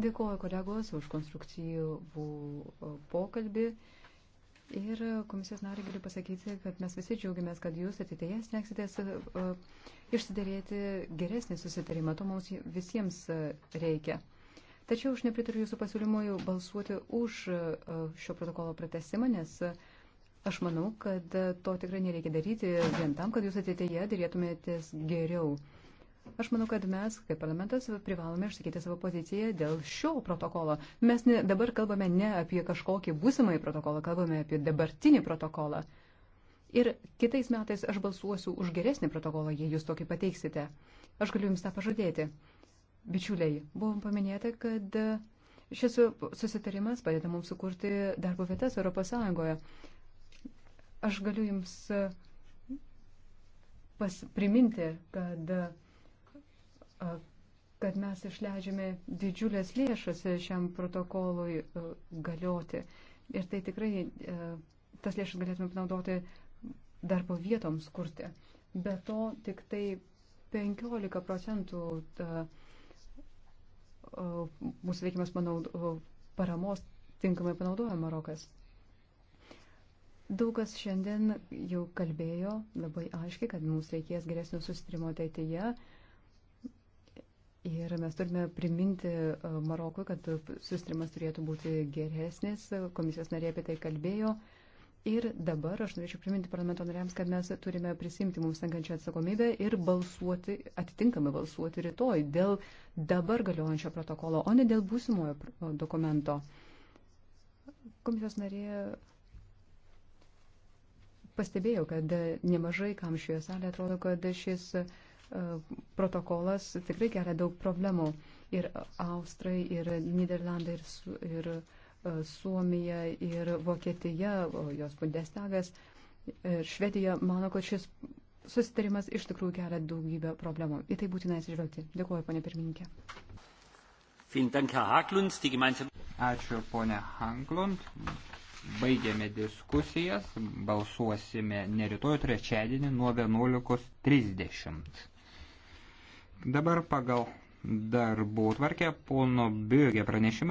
Dėkuoju kolegos už konstruktyvų e, pokalbį. Ir komisijos nariai galiu pasakyti, kad mes visi džiaugiamės, kad jūs ateityje stengsitės uh, išsiderėti geresnį susitarimą. To mums visiems uh, reikia. Tačiau aš nepritariu jūsų pasiūlymui balsuoti už uh, šio protokolo pratesimą, nes aš manau, kad to tikrai nereikia daryti vien tam, kad jūs ateityje dėrėtumėtės geriau. Aš manau, kad mes, kaip parlamentas, privalome išsakyti savo poziciją dėl šio protokolo. Mes ne, dabar kalbame ne apie kažkokį būsimąjį protokolą, kalbame apie dabartinį protokolą. Ir kitais metais aš balsuosiu už geresnį protokolą, jei jūs tokį pateiksite. Aš galiu jums tą pažadėti. Bičiuliai, buvom paminėta, kad šis susitarimas padeda mums sukurti darbo vietas Europos Sąjungoje. Aš galiu jums pas, priminti, kad kad mes išleidžiame didžiulės lėšas šiam protokolui galioti. Ir tai tikrai tas lėšas galėtume panaudoti darbo vietoms kurti. Be to, tik tai 15 procentų mūsų veikimas manau, paramos tinkamai panaudoja Marokas. Daug kas šiandien jau kalbėjo labai aiškiai, kad mums reikės geresnio susitrimo ateityje. Tai Ir mes turime priminti e, Marokui, kad sustrimas turėtų būti geresnis, komisijos narė apie tai kalbėjo. Ir dabar aš norėčiau priminti parlamento nariams, kad mes turime prisimti mums tenkančią atsakomybę ir balsuoti, atitinkamai balsuoti rytoj dėl dabar galiojančio protokolo, o ne dėl būsimojo dokumento. Komisijos narė pastebėjo, kad nemažai kam šioje salėje atrodo, kad šis uh, protokolas tikrai kelia daug problemų. Ir Austrai, ir Niderlandai, ir, su, ir e, Suomija, ir Vokietija, jos Bundestagas, ir Švedija mano, kad šis susitarimas iš tikrųjų kelia daugybę problemų. Į tai būtina atsižvelgti. Dėkuoju, ponė pirmininkė. Ačiū, ponė Hanklund. Baigėme diskusijas. Balsuosime ne rytoj, trečiadienį nuo 11.30. Dabar pagal darbų tvarkę pono Biugė pranešimą.